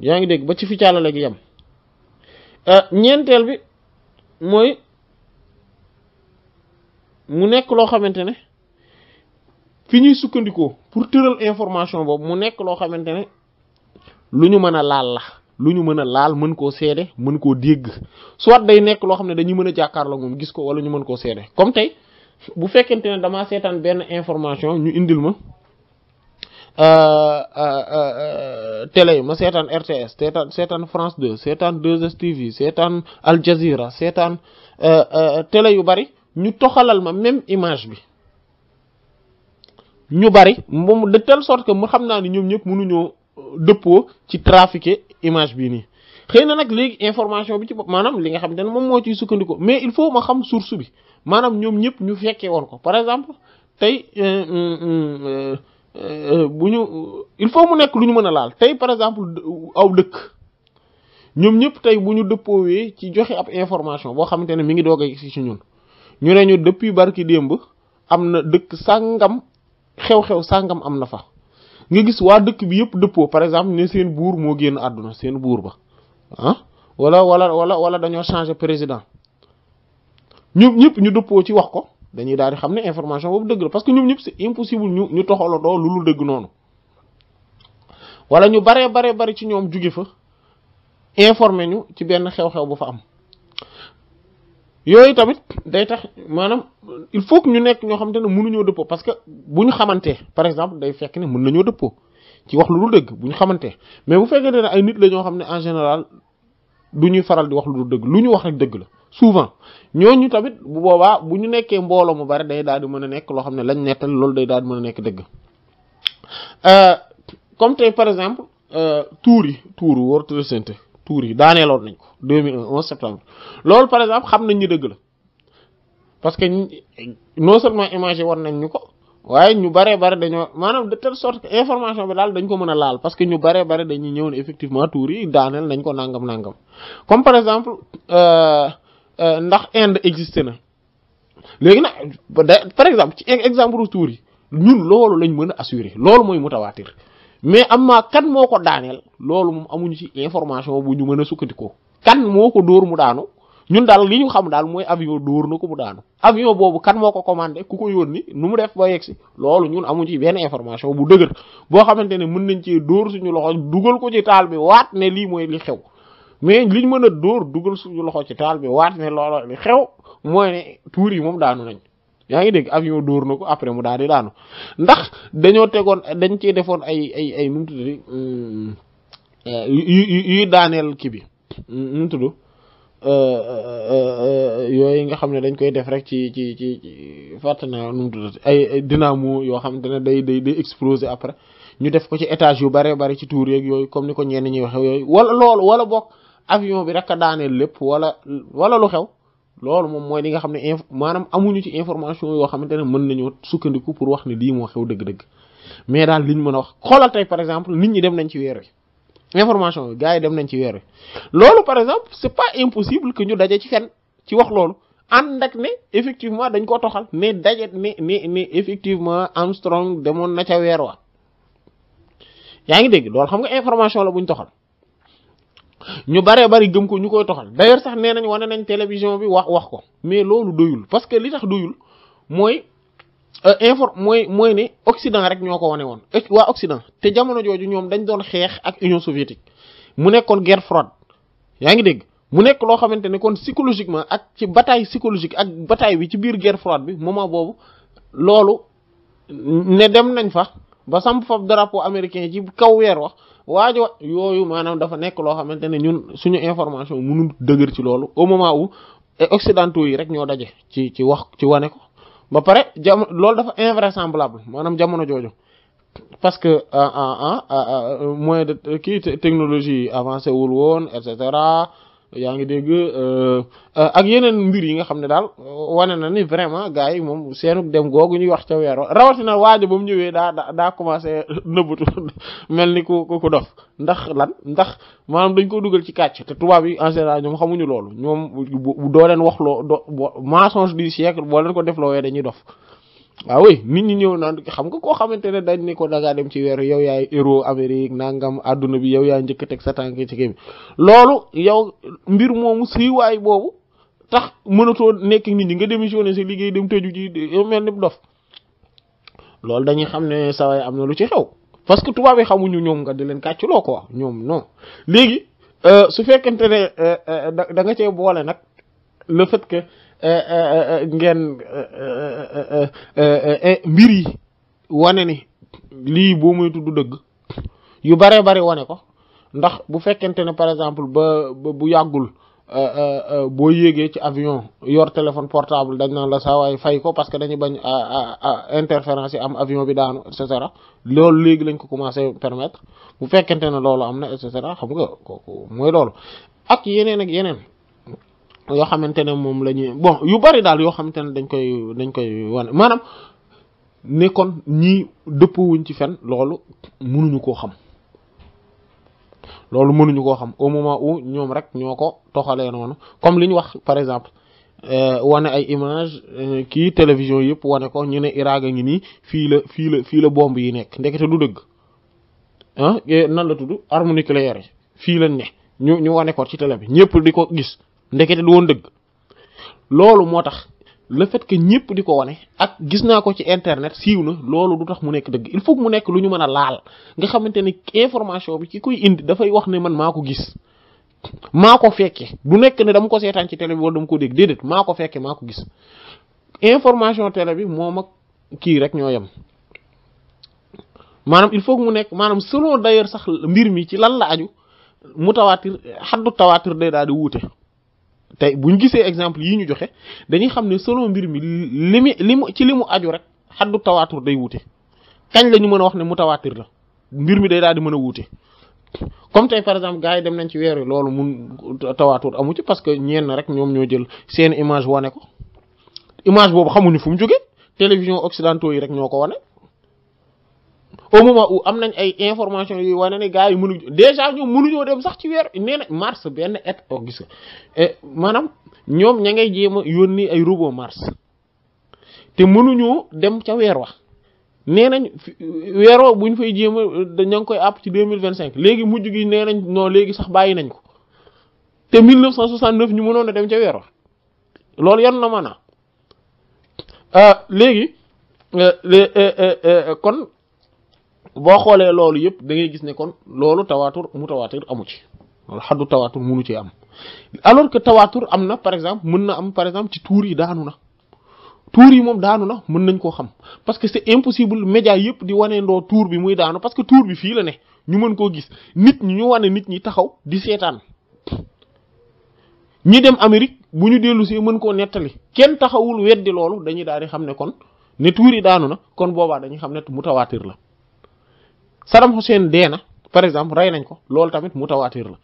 yaa ngi dégg ba ci fi càllale gi yem euh, ñeenteel bi mooy mu nekk loo xamante ne fi ñuy sukkandikoo pour tëral information boobu mu nekk loo xamante ne lu ñu mën a laal la lu ñu mën a laal mën koo seede mën koo dégg soit day nekk loo xam ne dañuy mën a jàkkaarloo moom gis ko wala ñu mën koo seede comme tey bu fekkente ne damaa seetaan benn information ñu indil ma euh, euh, euh, télé yi ma seetaan RTS seetaan France 2 seetaan 2STV seetaan Al Jazeera euh, télé yu bari ñu toxalal ma même image bi ñu bari moom de telle sorte que mu xamna naa ni ñoom ñëpp mënuñoo euh, depo ci trafiquer image bi ni xeyna nak nag information bi ci manam li nga xam te ne mo ci sukkandiko mais il faut ma xam source bi manam ñom ñëpp ñu fekkee woon ko par exemple tey euh, euh, bu ñu il faut mu nek luñu mëna laal tay par exemple aw dekk ñom ñëpp tay buñu depo wé ci joxe ab information bo xamante ne mi ngi dogay a ci ñun ñu ne ñu depuis barki demb amna dëkk sangam xew-xew sangam amna fa nga gis wa dëkk bi yëpp dëppoo par exemple ne seen bour mo gën aduna seen bour ba han ah, wala wala wala wala dañoo changer président ñu ñëpp ñu dëppoo ci wax ko dañuy daal xamné information boobu dëgg parce que ñoom ñëpp c'est impossible ñu ñu toxalandoo do lu dëgg nonu wala ñu baree baree bari ci ñoom jóge fa informer ñu ci benn xew-xew bu fa am yooyu tamit day tax manam il faut que ñu nekk ñoo xamante mënu mënuñoo dëppoo parce que buñu xamanté xamante par exemple day fekk ni mën nañoo dëppoo ci wax lu dul deug buñu xamanté mais bu fekkee ne ay nit la ño xamné en général du faral di wax lu dul deug lu ñu wax rek deug la souvent ñoñu tamit bu boba buñu nekké mbolo mu bari day daal di mëna nek lo xamné xam ne lañ nettal loolu day daal di mën a nekk dëgg euh, comme tey par exemple euh tuur yi tuur wóor tuur yi daaneeloon nañ ko. 2001 11 septembre loolu par exemple xam nañ ñu dëgg la parce que non seulement image yi nañ ñu ko waaye ñu baree bare dañoo maanaam de telle sorte information bi daal dañ ko mën a laal parce que ñu baree bare dañuy ñëw ne effectivement tuur yi daaneel nañ ko nangam nangam comme par exemple euh, euh, ndax Inde existe na léegi nag par exemple ci exemple tuur yi ñun loolu lañ mën a assurer loolu mooy mutawaatir mais am maa kan moo ko daaneel loolu moom amuñu ci information bu ñu mën a sukkandikoo. kan moo ko dóor mu daanu ñun daal li ñu xam daal mooy avion dóor na ko mu daanu avion boobu kan moo ko commandé ku ko yónni nu mu def ba yegg si loolu ñun amuñ ci benn information bu dëgër boo xamante ne mën nañ cee dóor suñu loxo dugal ko ci taal bi waat ne lii mooy li xew mais liñ mën a dóor dugal suñu loxo ci taal bi waat ne looloo li xew mooy ne yi moom daanu nañ yaa ngi dégg avion dóor na ko après mu daal di daanu ndax dañoo tegoon dañ cee defoon ay ay ay nu mu tuddati mm, euh, kii bi. nu mu tudd euh, euh, euh, yooyu nga xam ne dañ koy def rek ci ci ci fàtte naa nu mu tudd ay ay dynamo yoo xam te ne day day day exploser après ñu def ko ci étage yu bare bari ci tour yeeg yooyu comme ni ko ñenn ñi waxee yooyu wala loolu wala bokk avion bi rek a daaneel lépp wala wala lu xew loolu moom mooy li nga xam ne maanaam amuñu ci information yoo xamante ne mën nañoo sukkandiku pour wax ne lii moo xew dëgg-dëgg mais daal liñ mën a wax xoolal tey par exemple nit ñi dem nañ ci weer wi information bi gars yi dem nañ ci weer wi loolu par exemple c'est pas impossible que ñu daje ci fenn ci wax loolu ànd ak ne effectivement dañ koo toxal mais daje ne ne ne effectivement Armstrong demoon na ca weer wa yaa ngi dégg loolu xam nga information la buñ toxal ñu baree bari gëm ko ñu koy toxal d'ailleurs sax nee nañ wane nañ télévision bi wax wax ko mais loolu doyul parce que li tax doyul mooy Euh, infor mooy mooy ne Occident rek ñoo ko wane woon waa Occident te jamono jooju ñoom dañ doon xeex ak Union soviétique mu nekkoon guerre froide yaa ngi dégg mu nekk loo xamante ne kon psychologiquement ak ci bataille psychologique ak bataille bi ci biir guerre froide bi moment boobu loolu ne dem nañ fa ba samp fab drapeau américain ci kaw weer wax waajo wa yooyu maanaam dafa nekk loo xamante ne ñun suñu information mënul dëgër ci loolu au moment où eh, occidentaux yi rek ñoo daje ci ci wax ci wane ko ba paré jam dafa invraisemblable manam jamono jojo parce que ah ah ah moyen de kii technologie avancé wul won et cetera yaa ngi dégg euh, ak yeneen mbir yi nga xam ne daal wane na ni vraiment gars yi moom seenu dem googu ñuy wax ca weer rawatina waajo ba mu ñëwee daa daa daa commencé nëbbatu mel ni ku ku dof ndax lan ndax maanaam dañ ko dugal ci kàcc te tubaab yi en général ñoom xamuñu loolu ñoom doo leen wax loo do mensonge du siècle boo leen ko def loo wee dañuy dof waaw ah oui nit ñi ñëw naan xam nga koo xamante ne dañ ne ko dangaa dem ci weeru yow yaay euro Amérique nangam àdduna bi yow yaa njëkk teg sa tànk ci kii bi loolu yow mbir moomu si waay boobu tax mënatoo nekk nit ñi nga démissionné si liggéey dem tëju ji mel ni dof loolu dañuy xam ne sawaay am na lu ci xew parce que tubaab yi xamuñu ñoom nga di leen kàcculoo ko ñoom non léegi euh, su fekkente ne euh, euh, da nga cee boole nag le fait ngeen mbir wane ni lii boo muy tudd dëgg yu bare bari wane ko ndax bu fekkente ne par exemple ba bu yàggul boo yéegee ci avion yor téléphone portable dañ naan la saa waay fay ko parce que dañu bañ interférence yi am avion bi daanu et cetera loolu léegi lañ ko commencé permettre bu fekkente ne loolu am na et xam nga kooku mooy loolu ak yeneen ak yeneen. yo xamantene mom moom bon yu bari dal yo xamantene dañ koy dañ koy wane manam ne kon depp wuñ ci fen loolu mënuñu ko xam loolu mënuñu ko xam au moment où ñom rek ñoko toxalé non comme liñ wax par exemple euh, wane ay image euh, ki télévision yépp wane ko ñu né iraga file ngi ni fi la fi la fi la bombe yi nekk ndekete du dëgg ah eh, nan la tuddu arme nucléaire fi la né ñu ñu wone ko ci télé bi ñepp diko gis ndekete du woon dëgg loolu moo tax le fait que ñëpp di ko wane ak gis naa ko ci internet siiw na loolu du tax mu nekk dëgg il faut mu nekk lu ñu mën a laal nga xamante ni information bi ci koy indi dafay wax ne man maa ko gis maa ko fekke du nekk ne dama ko seetaan ci télé bi ko dégg déedéet ko fekke maa ko gis information télé bi moom ak kii rek ñoo yem maanaam il faut mu nekk maanaam selon d'ailleurs sax mbir mi ci lan la aju mu tawaatir xaddu tawaatir day daal di wuute tey bu ñu gisee exemple yi ñu joxe dañuy xam ne selon mbir mi li mu li mu ci li mu aju rek xaddu tawaatur day wuute kañ la ñu mën a wax ne mu tawaatir la mbir mi day daal di mën a wuute comme tey par exemple gars yi dem nañ ci weer wi loolu mun tawaatur amu ci parce que ñenn rek ñoom ñoo jël seen image wane ko image boobu xamuñu fu mu jóge télévision occidentaux yi rek ñoo ko wane au moment am nañ ay information yu wane ne gars yi mënuñ déjà ñoom mënuñoo dem sax ci weer nee na mars benn et o oh, gis nga eh, maanaam ñoom ña ngay jéem a yónni ay robot mars te mënuñoo dem ca weer wa nee nañ weer wa buñ fay jéem a ña ngi koy àpp ci deux mille vingt cinq léegi mujj gi nee nañ non léegi sax bàyyi nañ ko te mille neuf cent soixante neuf ñu mënoon a dem ca weer wax loolu yan na maanaam ah, léegi eh, eh, kon boo xoolee loolu yëpp da ngay gis ne kon loolu tawaatur mu mutawaatir amu ci loolu xaddu tawaatur munu cee am alors que tawaatur am na par exemple mën na am par exemple ci tuur yi daanu na tuur yi moom daanu na mën nañ koo xam parce que c'est impossible média yëpp di waneendoo tuur bi muy daanu parce que tuur bi fii la ne ñu mën koo gis nit ñi ñu wane nit ñi taxaw di seetaan ñi dem Amérique bu ñu dellu see mën koo nettali kenn taxawul weddi loolu dañuy daal di xam ne kon ne tuur yi daanu na kon boobaa dañuy xam ne mu tawaatir la Saddam Hussein deena par exemple ray nañ ko loolu tamit mutawatir la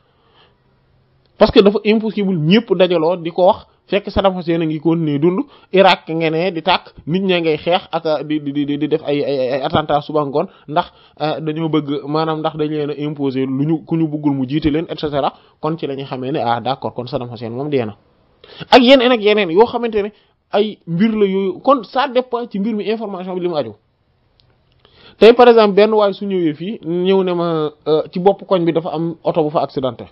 parce que dafa impossible ñepp dajalo diko wax fekk Saddam Hussein nga ko ne dund Iraq nga ne di tak nit ñe ngay xex ak ah, di di di def ay ay attentat suba ngon ndax ah, dañu bëgg manam ndax dañ leena imposer luñu ñu ku ñu bëggul mu jité leen et cetera kon ci lañu xamé xamee ne ah d'accord kon Saddam Hussein mom deena na ak yeneen ak yeneen yo xamantene ay mbir la yooyu kon ça dépend ci mbir mi information bi limu aju. tey par exemple benn waay su ñëwee fii ñëw ne ma euh, ci bopp koñ bi dafa am oto bu fa accidenté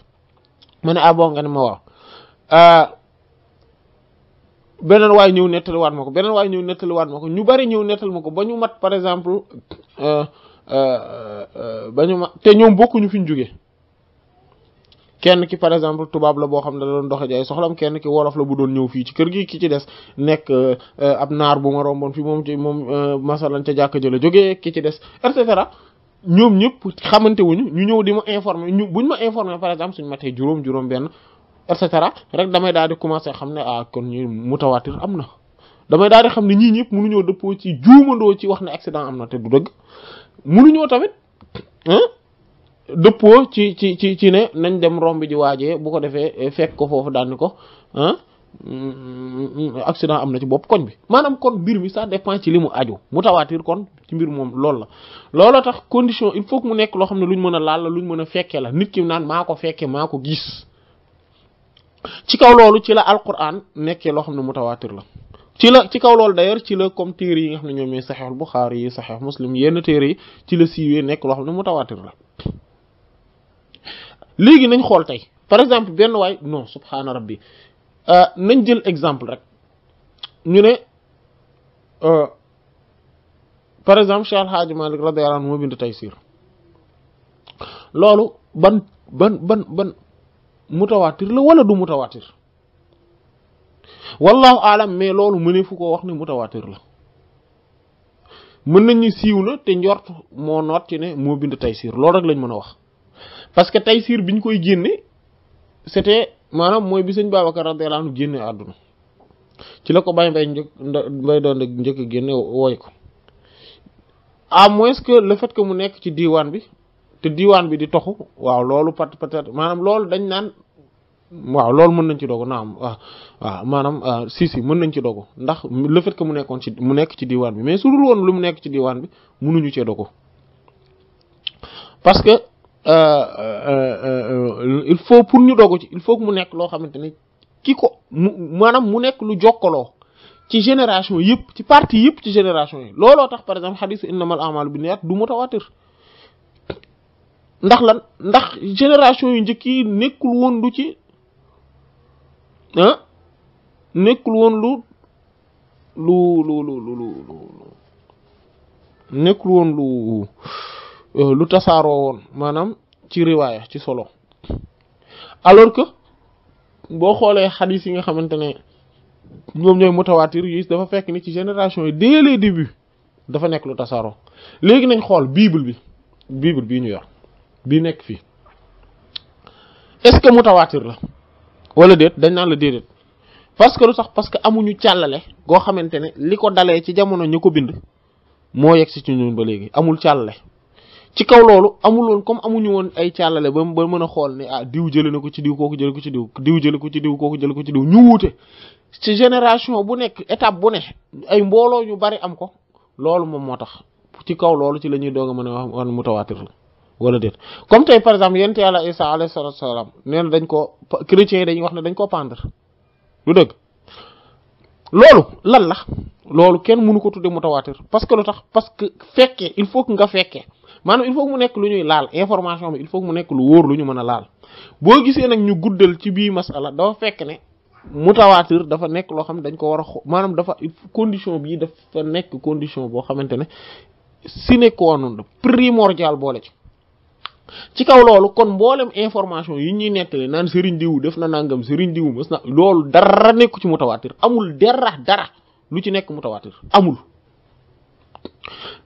ma ne ah bon nga ne ma waaw euh, beneen waay ñëw nettaliwaat ma ko beneen waay ñëw nettaliwaat ma ko ñu bari ñëw nettal ma ko ba ñu mat par exemple euh, ba ñu mat te ñoom bokkuñu fi ñu jóge kenn ki par exemple tubaab la boo xam ne da doon doxe ji ay soxlam kenn ki wolof la bu doon ñëw fii ci kër gi ki ci des nekk euh, ab naar bu ma romboon fii moom ci moom euh, masalan ca jàkka jëla jógee ki ci des et cetera ñoom ñëpp xamante wuñu ñu ñëw di ma informer ñu buñ ma informer par exemple suñ ma tey juróom juróom benn et cetera rek damay daal di commencer xam ne ah kon ñu mu mutawaatir am na damay daal di xam ne ñii ñëpp mënuñoo dëppoo ci juumandoo ci wax ne accident am na te du dëgg mënuñoo tamit dëppoo ci ci ci ci ne nañ dem romb ji waajee bu ko defee eh, fekk ko foofu daan ni ko mm-hmm. accident am na ci bopp koñ bi maanaam kon mbir mi sax dépend ci li mu aju mu tawaatiir kon ci mbir moom loolu la looloo tax condition il faut mu nekk loo xam ne luñ mën a laal la luñ mën a fekkee la nit ki naan maa ko fekkee maa ko ci kaw loolu ci la alquran nekkee loo xam ne mu tawaatir la ci la ci kaw loolu d'ailleurs ci la comme téere yi nga xam ne ñoom ñooy saxeexul Buxaari yi saxeex Muslim yenn téere yi ci la siiwee nekk loo xam ne mu tawaatir la léegi nañ xool tey par exemple benn waay non subhaana rabbi euh, nañ jël exemple rek ñu ne euh, par exemple Cheikh Alhaaji Malik radiyallahu anhu moo bind Taysiir loolu ban ban ban ban la wala du mutawaatir wallahu alam mais loolu mënee fu ko wax ne mutawaatir la mën nañu siiw na te njort moo noot ci ne moo bind Taysiir loolu rek lañ mën a wax parce que tey siir bi ñu koy génne c'était maanaam mooy bi sëñ Babacar radiyallahu anhu génne àdduna ci la ko bay mbay njëkk mbay doon de njëkk génne wooy ko à moins que le fait que mu nekk ci diiwaan bi te diiwaan bi di toxu waaw loolu pat peut maanaam loolu dañ naan waaw loolu mën nañ ci dogu naam waaw waaw maanaam ah, si si mën nañ ci dogu ndax le fait mu nekkoon ci mu nekk ci diwaan bi mais su dul lu mu nekk ci diwaan bi mënuñu cee dogu parce que Euh, euh, euh, il faut pour ñu dogu ci il faut mu nekk loo xamante ne ki ko mu maanaam mu nekk lu jokkaloo ci génération yëpp ci parti yëpp ci génération yi looloo tax par exemple xadis innamal a'malu binniyat du mutawatir ndax lan ndax génération yu njëkk yi nekkul woon lu ci ah nekkul woon lu lu lu nekkul woon lu Euh, lu tasaaroo woon maanaam ci riwaaya ci solo alors que boo xoolee xadis yi nga xamante ne ñoom ñooy mutawaatir yi dafa fekk ni ci génération yi dès les dafa nekk lu tasaaroo léegi nañ xool bible bi bible bii ñu yor bi nekk fii est-ce que mutawaatir la wala déet dañ naan la déedéet parce que lu tax parce que amuñu càllale goo xamante ne li ko dalee ci jamono ñi ko bind moo yegg si ci ñun ba léegi amul càllale ci kaw loolu amul woon comme amuñu woon ay càllale ba ba mën a xool ni ah diw jëlee na ko ci diw kooku jëlee ko ci diw diw jëlee ko ci diw kooku jëlee ko ci diw ñu wuute ci génération bu nekk étape bu ne ay mbooloo ñu bari am ko loolu moom moo tax ci kaw loolu ci la ñuy doog a mën a wax wan mutawaatir la wala déet comme tey par exemple yent yàlla Isa alayhi salaatu salaam nee na dañ ko chrétiens yi dañuy wax ne dañ ko pendre lu dëgg loolu lan la loolu kenn mënu ko tudde mutawaatir parce que lu tax parce que fekkee il faut que nga fekkee maanaam il faut mu nekk lu ñuy laal information bi il faut mu nekk lu wóor lu ñu mën a laal boo gisee nag ñu guddal ci bii masala dafa fekk ne mu mutawaatir dafa nekk loo xam ne dañ ko war a maanaam dafa condition bii dafa nekk condition boo xamante ne sine qua non primordial boole ci ci kaw loolu kon mboolem information yi ñuy nettali naan sëriñ diw def na nangam sëriñ diw mas na loolu dara nekku ci mutawaatir amul dara dara lu ci nekk mutawaatir amul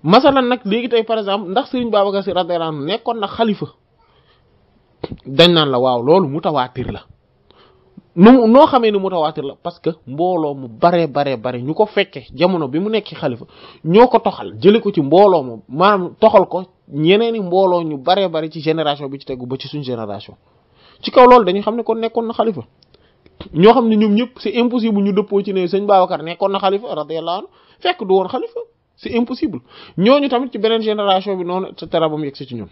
masalan nag léegi tey par exemple ndax Serigne Babacar si radiyallahu anhu nekkoon na xalifa dañ naan la waaw loolu mutawaatir la nu noo xamee ni mutawaatir la parce que mbooloo mu bare bare bare ñu ko fekke jamono bi mu nekk xalifa ñoo ko toxal jële ko ci mbooloo mu maanaam toxal ko ñeneeni mbooloo ñu bare bare ci génération bi ci tegu ba ci suñ génération ci kaw loolu dañu xam ne kon nekkoon na xalifa ñoo xam ne ñoom ñëpp c'est impossible ñu dëppoo ci ne sëñ Babacar nekkoon na xalifa radiyallahu anhu fekk du woon xalifa c'est impossible ñooñu tamit ci beneen génération bi noonu sa tera ba mu yegsi ci ñun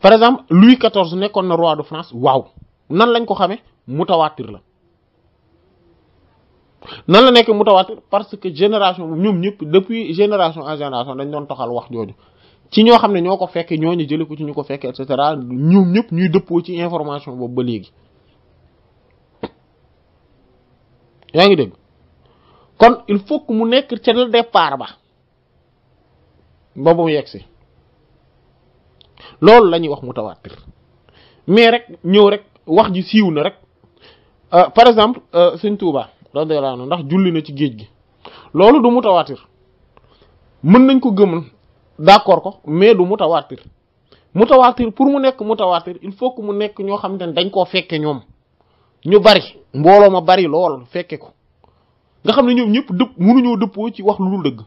par exemple Louis XIV nekkoon na roi de France waaw nan lañ ko xamee mutawaatir la nan la nekk mutawaatir parce que génération bu ñoom ñëpp depuis génération en génération dañ doon toxal wax jooju ci ñoo xam ne ñoo ko fekkee ñooñu jëlee ko ci ñu ko fekkee et cetera ñoom ñëpp ñuy dëppoo ci information boobu ba léegi yaa ngi dégg. kon il faut que mu nekk ca le départ ba ba mu yegg si loolu la ñuy wax mutawaatir mais rek ñëw rek wax ji siiw na rek euh, par exemple euh, sëñ Tuuba radiyallahu anhu ndax julli na ci géej gi loolu du mu mutawaatir mën nañ ko gëm d'accord ko mais du mu mu mutawaatir pour mu nekk mu mutawaatir il faut que mu nekk ñoo xam ne dañ koo fekkee ñoom ñu bari mbooloo ma bari lool fekkee ko nga xam ñoom ñoom ñëpp mënu mënuñoo dëppoo ci wax lu dul dëgg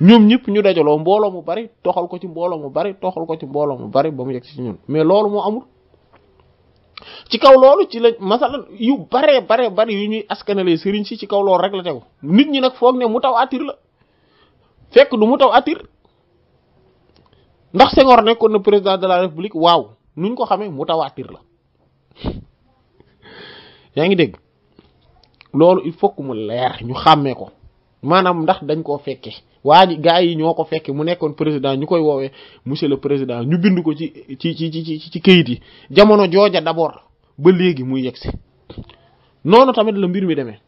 ñoom ñëpp ñu dajalo mbolo mu bari toxal ko ci mbolo mu bari toxal ko ci mbolo mu bari ba mu yegg ci ñun mais loolu mo amul ci kaw loolu ci la masala yu bare bare bari yu ñuy askanale serigne ci ci kaw loolu rek la tegu nit ñi nak fook ne mu taw atir la fekk du mu taw atir ndax Senghor nekkoon na président de la république waaw nuñ ko xamee mu taw atir la yaangi deg loolu il faut que mu leer ñu xàmmee ko maanaam ndax dañ koo fekkee waa ji gars yi ñoo ko fekkee mu nekkoon président ñu koy woowee monsieur le président ñu bind ko ci ci ci ci ci kayit yi jamono jooja d'abord ba léegi muy yegsi noonu tamit la mbir mi demee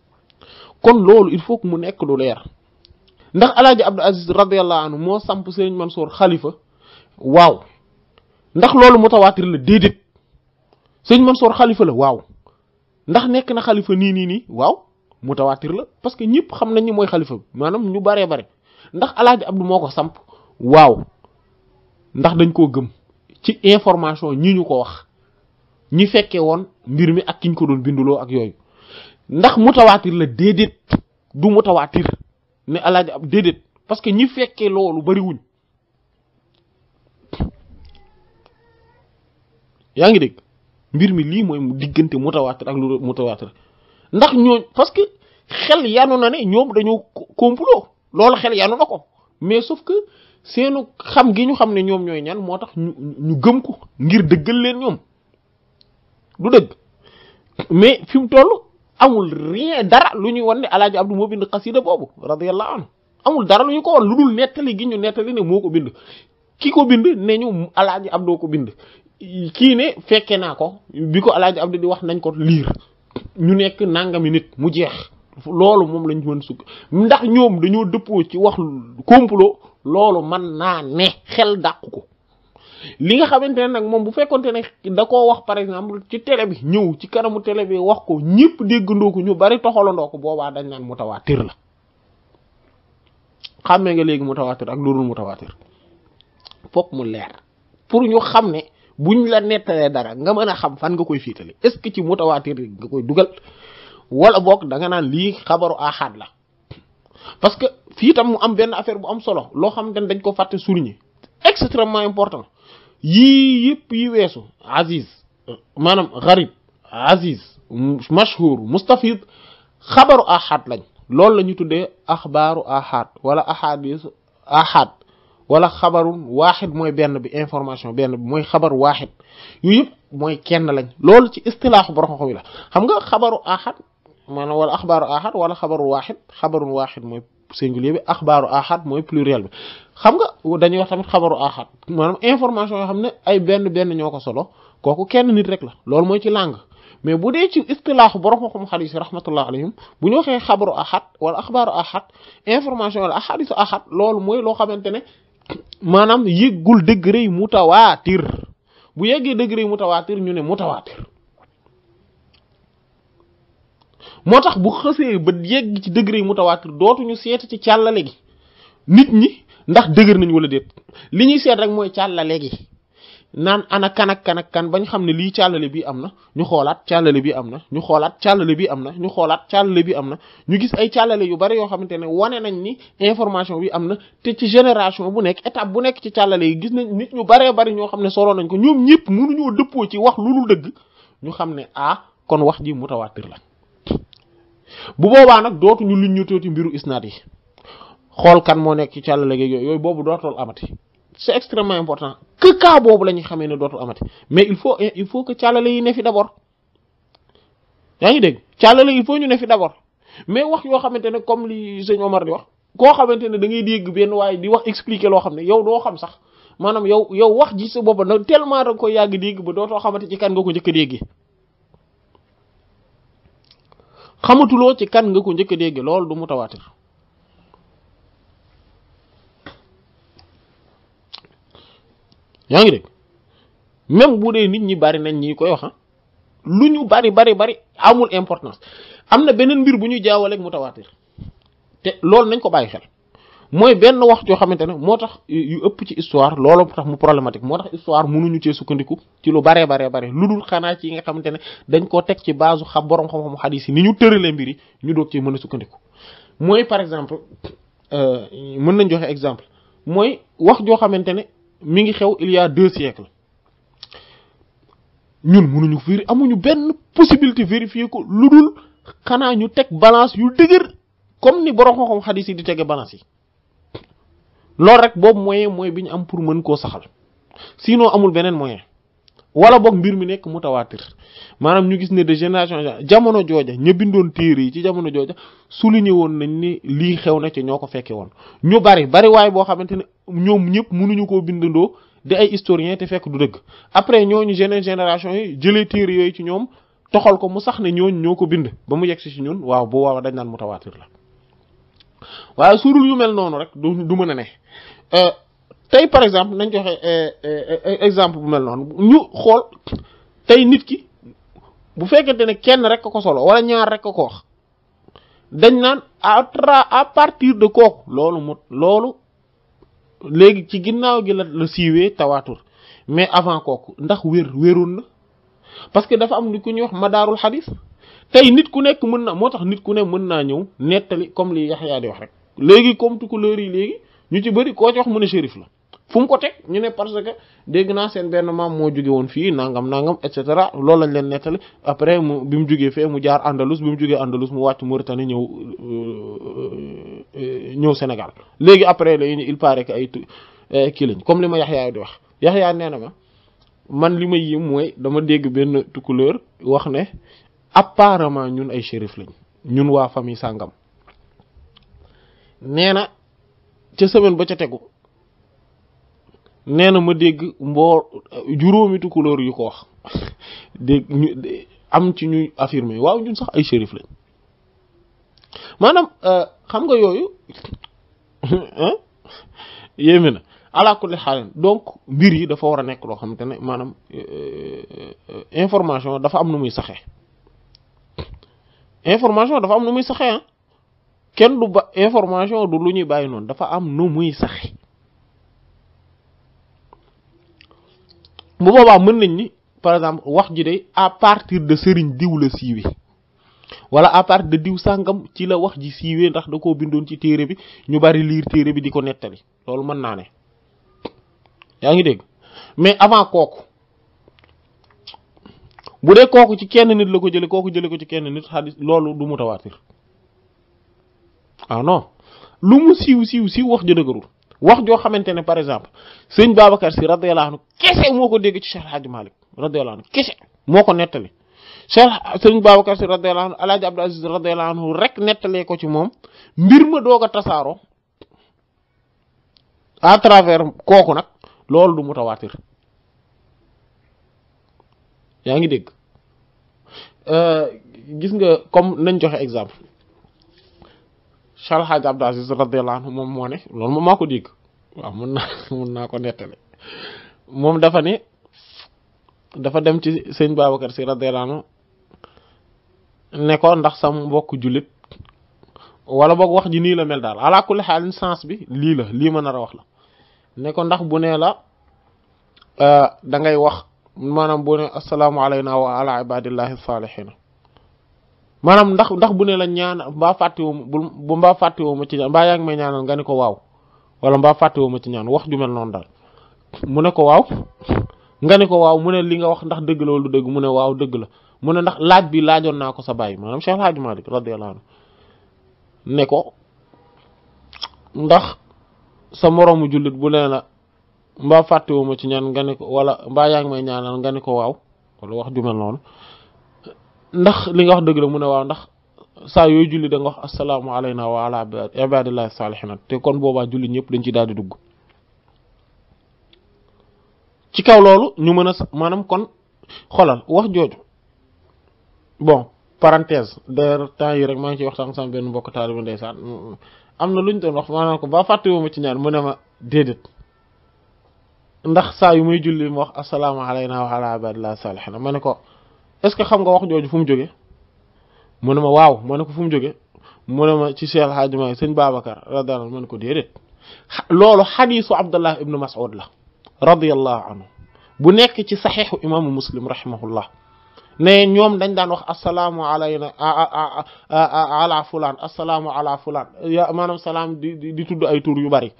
kon loolu il faut que mu nekk lu leer ndax alaaji Abdou Aziz radiyallahu anhu moo samp Serigne Mansour xalifa waaw ndax loolu mutawaatir la déedéet Serigne Mansour xalifa la waaw ndax nek na khalifa ni ni ni waw mutawatir la parce que ñepp xam nañ ni mooy xalifa bi ñu bare bare ndax alaaji abdu moo ko samp waw ndax dañ ko gëm ci information ñi ñu ko wax ñi fekke won mbir mi ak kiñ ko doon bindulo ak yoy ndax mutawatir la dedet du mutawatir ne alaaji ab dedet parce que ñi fekke lolu bari wuñ yaangi deg mbir mi lii mooy mu diggante mutawaatir ak lu mutawaatir ndax ñoo parce que xel yanu na ne ñoom dañoo complot loolu xel yanu na ko mais sauf que seenu xam gi ñu xam ne ñoom ñooy ñan moo tax ñu ñu gëm ko ngir dëggal leen ñoom du dëgg mais fi mu toll amul rien dara lu ñuy wan ne alaaji abdu moo bind xasida boobu radiyallahu anhu amul dara lu ñu ko wan lu dul nettali gi ñu nettali ne moo ko bind ki ko bind ne ñu alaaji abdoo ko bind kini ne fekke na ko bi ko alaaji abdu di wax nañ ko lire ñu nekk nangami nit mu jeex loolu moom lañ mën sukk ndax ñoom dañoo dëppoo ci wax complot loolu man naa ne xel dàq ko li nga xamante ne nag moom bu fekkonte ne da koo wax par exemple ci télé bi ñëw ci kanamu télé bi wax ko ñëpp déggandoo ko ñu bari toxalandoo ko boobaa dañ naan mutawatir la xàmmee nga léegi mutawatir ak lu dul fokk mu leer pour ñu xam buñ la netalé dara nga mëna xam fan nga koy fitalé est ce ci mutawatir nga koy duggal wala bok da nga nan li khabaru ahad la parce que fii tam mu am ben affaire bu am solo lo xam dañ dañ ko faté surigné extrêmement important yi yëpp yi wessu aziz manam gharib aziz mashhur mustafid khabaru ahad lañ lool lañu tuddé akhbaru ahad wala ahadith ahad wala xabarun waaxid mooy benn bi information benn bi mooy xabar waaxid yu yëpp mooy kenn lañ loolu ci istilaaxu borom xam yi la xam nga xabaru ahad maanaam wala axbaaru ahad wala xabaru waaxid xabarun waaxid mooy singulier bi axbaaru ahad mooy pluriel bi xam nga dañuy wax tamit xabaru ahad maanaam information yoo xam ne ay benn benn ñoo ko solo kooku kenn nit rek la loolu mooy ci langue mais bu dee ci istilaaxu borom xam xadis yi rahmatullah alayhim bu ñu waxee xabaru ahad wala axbaaru ahad information wala ahadisu ahad loolu mooy loo xamante ne maanaam yëggul degré yi mutawaatir bu yeggee degré yi mutawaatir ñu ne mutawaatir moo tax bu xësee ba yegg ci degré yi mutawaatir dootuñu seet ci càllale gi nit ñi ndax dëgër nañ wala déet li ñuy seet rek mooy càllale gi naan ana kan ak kan ak xam ne lii càllale bi am na ñu xoolaat càllale bi am na ñu xoolaat càllale bi am na ñu xoolaat càllale bi am na ñu gis ay càllale yu bari yoo xamante ne wane nañ ni information bi am na te ci génération bu nekk étape bu nekk ci càllale yi gis nañ nit ñu baree bari ñoo xam ne soroon nañ ko ñoom ñëpp mënuñoo dëppoo ci wax lu dul dëgg ñu xam ne ah kon wax ji mutawaatir la bu boobaa nag dootuñu luñ ñu tooti mbiru isnaad yi xool kan moo nekk ci càllale gi boobu dootul amati. c'est extrêmement important que ka bobu lañu xamé né ne amati mais il faut il faut que càllale yi nefi d'abord yaa ngi dégg càllale il faut ñu ne d'abord mais wax yo xamante ne comme li seigne Omar di wax ko xamante ne da ngay dégg ben way di wax expliquer lo xamné yow do xam sax manam yow yow wax ji sa bobu na tellement da ko yag yàgg dégg ba dootoo xamante ci kan nga ko jëk a xamatu lo ci kan nga ko jëk a lool du mutawatir yaa ngi dégg même bu dee nit ñi bari nañ ñi koy wax ah, lu ñu bari bari bari amul importance am na beneen mbir bu ñuy mu mutawaatir te loolu nañ ko bàyyi xel mooy benn wax joo xamante ne moo tax yu ëpp ci histoire loolu tax mu problématique moo tax histoire mënuñu cee sukkandiku ci lu baree baree bare lu dul xanaa ci yi nga xamante ne dañ koo teg ci base xam borom xam-xamu xadiis yi ni ñu tëralee mbir yi ñu doog ci mën a sukkandiku mooy par exemple euh, mën nañ joxe exemple mooy wax joo xamante ne mi ngi xew il y a deux siècles ñun mënuñu vérifier amuñu benn possibilité vérifier ko lu dul xanaa ñu teg balance yu dëgër comme ni borom xam-xam xadis yi di tege balance yi loolu rek boobu moyen mooy bi ñu am pour mën koo saxal si noo amul beneen moyen wala boog mbir mi nekk mutawaatir maanaam ñu gis ne de génération jamono jooja ña bindoon téere yi ci jamono jooja souligné woon nañ ni lii xew na ci ñoo ko fekke woon ñu bari bari waaye boo xamante ne ñoom ñëpp mënuñu koo bindandoo di ay historien te fekk du dëgg après ñooñu geneen génération yi jëlee téere yooyu ci ñoom toxal ko mu sax ne ñooñu ñoo ko bind ba mu yegg si si ñun waaw bu waaw dañ naan mutawaatir la waaye suurul yu mel noonu rek du du mën a ne euh, tey par exemple nañ joxe euh, euh, euh, exemple bu mel noonu ñu xool tey nit ki bu fekkente ne kenn rek a ko solo wala ñaar rek a ko wax dañ naan à tra à partir de kooku loolu mu loolu léegi ci ginnaaw gi la la siiwee tawaatur mais avant kooku ndax wér wéroon na parce que dafa am lu ku ñuy wax ma madaarul xadis tey nit ku nekk mën na moo tax nit ku ne mën naa ñëw nettali comme li yaa di wax rek léegi comme tukulóor yi léegi ñu ci bëri koo ci wax mu ne shérif la fu mu ko teg ñu ne parce que dégg naa seen benn maam moo jóge woon fii nangam nangam et cetera loolu lañ leen nettali après mu bi mu jógee fee mu jaar Andalus bi mu jógee Andalus mu wàcc Mauritanie ñëw euh, ñëw Sénégal léegi après la il paraît que ay euh, kii lañ comme li ma Yaxya di wax Yaxya nee na ma man li ma yim mooy dama dégg benn couleur wax ne apparemment ñun ay shérif lañ ñun waa famille sàngam nee na ca semaine ba ca tegu. nee na ma dégg mboo juróomitu tukulóor yu ko wax dégg am ci ñuy affirmer waaw ñun sax ay shérif lañ maanaam euh, xam nga yooyu yéeme na ala kulli donc mbir yi dafa war a nekk loo xamante ne maanaam euh, euh, information dafa am nu muy saxee information dafa am nu muy saxee kenn du ba information du lu ñuy bàyyi noonu dafa am nu muy saxe bu boobaa mën nañ ni par exemple wax ji de à partir de sëriñ diw la siiwee wala à partir de diw sàngam ci la wax ji siiwee ndax da koo bindoon ci téere bi ñu bari liir téere bi di ko nettali loolu mën naa ne yaa ngi dégg mais avant kooku bu dee kooku ci kenn nit la ko jële kooku jële ko ci kenn nit xadis loolu du mutawaatir ah non lu mu siiw siiw siiw wax ja dëgërul wax joo xamante ne par exemple sëñ Babacar si radiyallahu anhu kese moo ko dégg ci Cheikh Hadj Malick radiyallahu anhu kese moo ko nettali Cheikh sëñ Babacar si radiyallahu anhu Alaaji Abdou Aziz radiyallahu rek nettalee ko ci moom mbir ma doog a tasaaroo à travers kooku nag loolu du mutawaatir yaa ngi dégg euh, gis nga comme nañ joxe exemple Cheikh Hadj Abdou Aziz radiyallahu anhu moom moo moom maa ko dégg waaw mun naa mun naa ko nettali moom dafa ni dafa dem ci sëñ Babacar si radiyallahu anhu ne ndax sam mbokk jullit walla boog wax ji nii la mel daal ala kulli xaalin sens bi lii la lii ma nar a wax la ne ndax bu nee la euh, da ngay wax maanaam bu ne assalaamu alayna wa ala ibadillahi salihina manam ndax ndax bu ne la ñaan ba wu bu fatte wu ma ci ñaan ba yaag may ñaanal nga ne ko waaw wala mba fatiwu ma ci ñaan wax ju mel non dal mu ne ko waaw nga ne ko waaw mu ne li nga wax ndax deug la lu deug mu ne waaw deug la mu ne ndax laaj bi laajoon naa sa bay manam cheikh hadji malik radiyallahu anhu ne ko ndax sa morom jullit bu nee la wu ma ci ñaan nga ne ko wala mbaa yaa may ñaanal nga ne wala wax ju mel non ndax li nga wax dëgg la mu ne waaw ndax saa yooyu julli da wax assalaamu alayna wa ala boobaa julli ñëpp dañ ci daal di dugg ñu mën a maanaam kon xoolal wax jooju bon parenthèse d'ailleurs temps yi maa ngi ciy waxtaan sama mbokk taaliba ndeysaan am na lu ñu doon wax maanaam ko ba ma ci ñaan mu ne ma ndax saa yu muy julli mu wax assalaamu wa ma ne ko est-ce que xam nga wax jooju fu mu jóge mu ne ma waaw ma ne ko fu mu jóge mu ne ma ci Cheikh Hadji Malick sëñ Babacar radiyallahu anhu ma ne ko déedéet loolu xadiisu Abdullah ibn Mas'ud la radiyallahu anhu bu nek ci sahih imam muslim rahimahullah ne ñom dañ daan wax assalamu alayna ala fulan assalamu ala fulaan maanaam salaam di di tuddu ay tour yu bari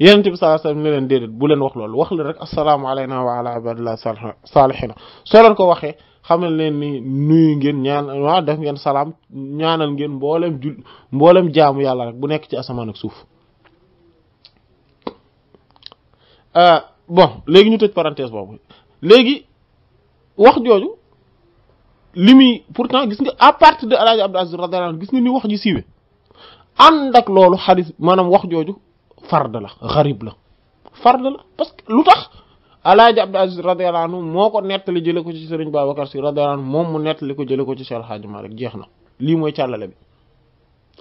yenente bi sallallahu alayhi wasallam ne len dedet bu len wax lolu wax le rek assalamu alayna wa ala ibadillah salihin so lan ko waxe xamal leen ni nuyu ngeen ñaan waaw def ngeen salaam ñaanal ngeen mboolem jul mboolem jaamu yàlla rek bu nekk ci asamaan ak suuf euh, bon léegi ñu tëj parenthèse boobu léegi wax jooju li muy pourtant gis nga à partir de Alaaji Abdou Aziz radiyallahu anhu gis nga ni wax ji siiwe ànd ak loolu xadis maanaam wax jooju fard la xarib la fard la parce lu tax alaaji Abdou Aziz radiyallahu moo ko nettali jële ko ci Serigne Babacar Sy radiyallahu anhu moom mu nettali ko jële ko ci Cheikh Hadji Malick jeex na lii mooy càllale bi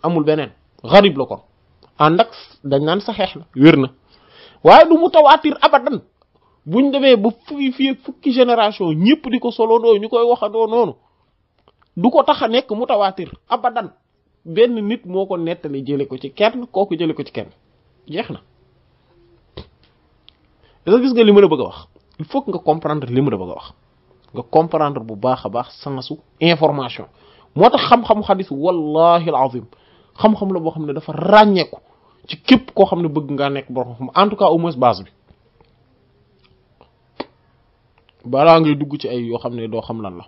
amul beneen xarib la ko ànd ak dañ naan saxeex na wér na waaye du mu tawaatir abadan buñ demee ba fukki fii fukki génération ñëpp di ko solondoo ñu koy waxandoo noonu du ko tax a nekk mu tawaatir abadan benn nit moo ko nettali jële ko ci kenn kooku jële ko ci kenn jeex na da gis nga li ma la bëgg a wax il faut que nga comprendre li ma la bëgg a wax nga comprendre bu baax a baax su information moo tax xam-xamu xadis wallahi alazim xam-xam la boo xam ne dafa ràññeeku ci képp koo xam ne bëgg ngaa nekk borom xam en tout cas au moins base bi balaa ngay dugg ci ay yoo xam ne doo xam lan la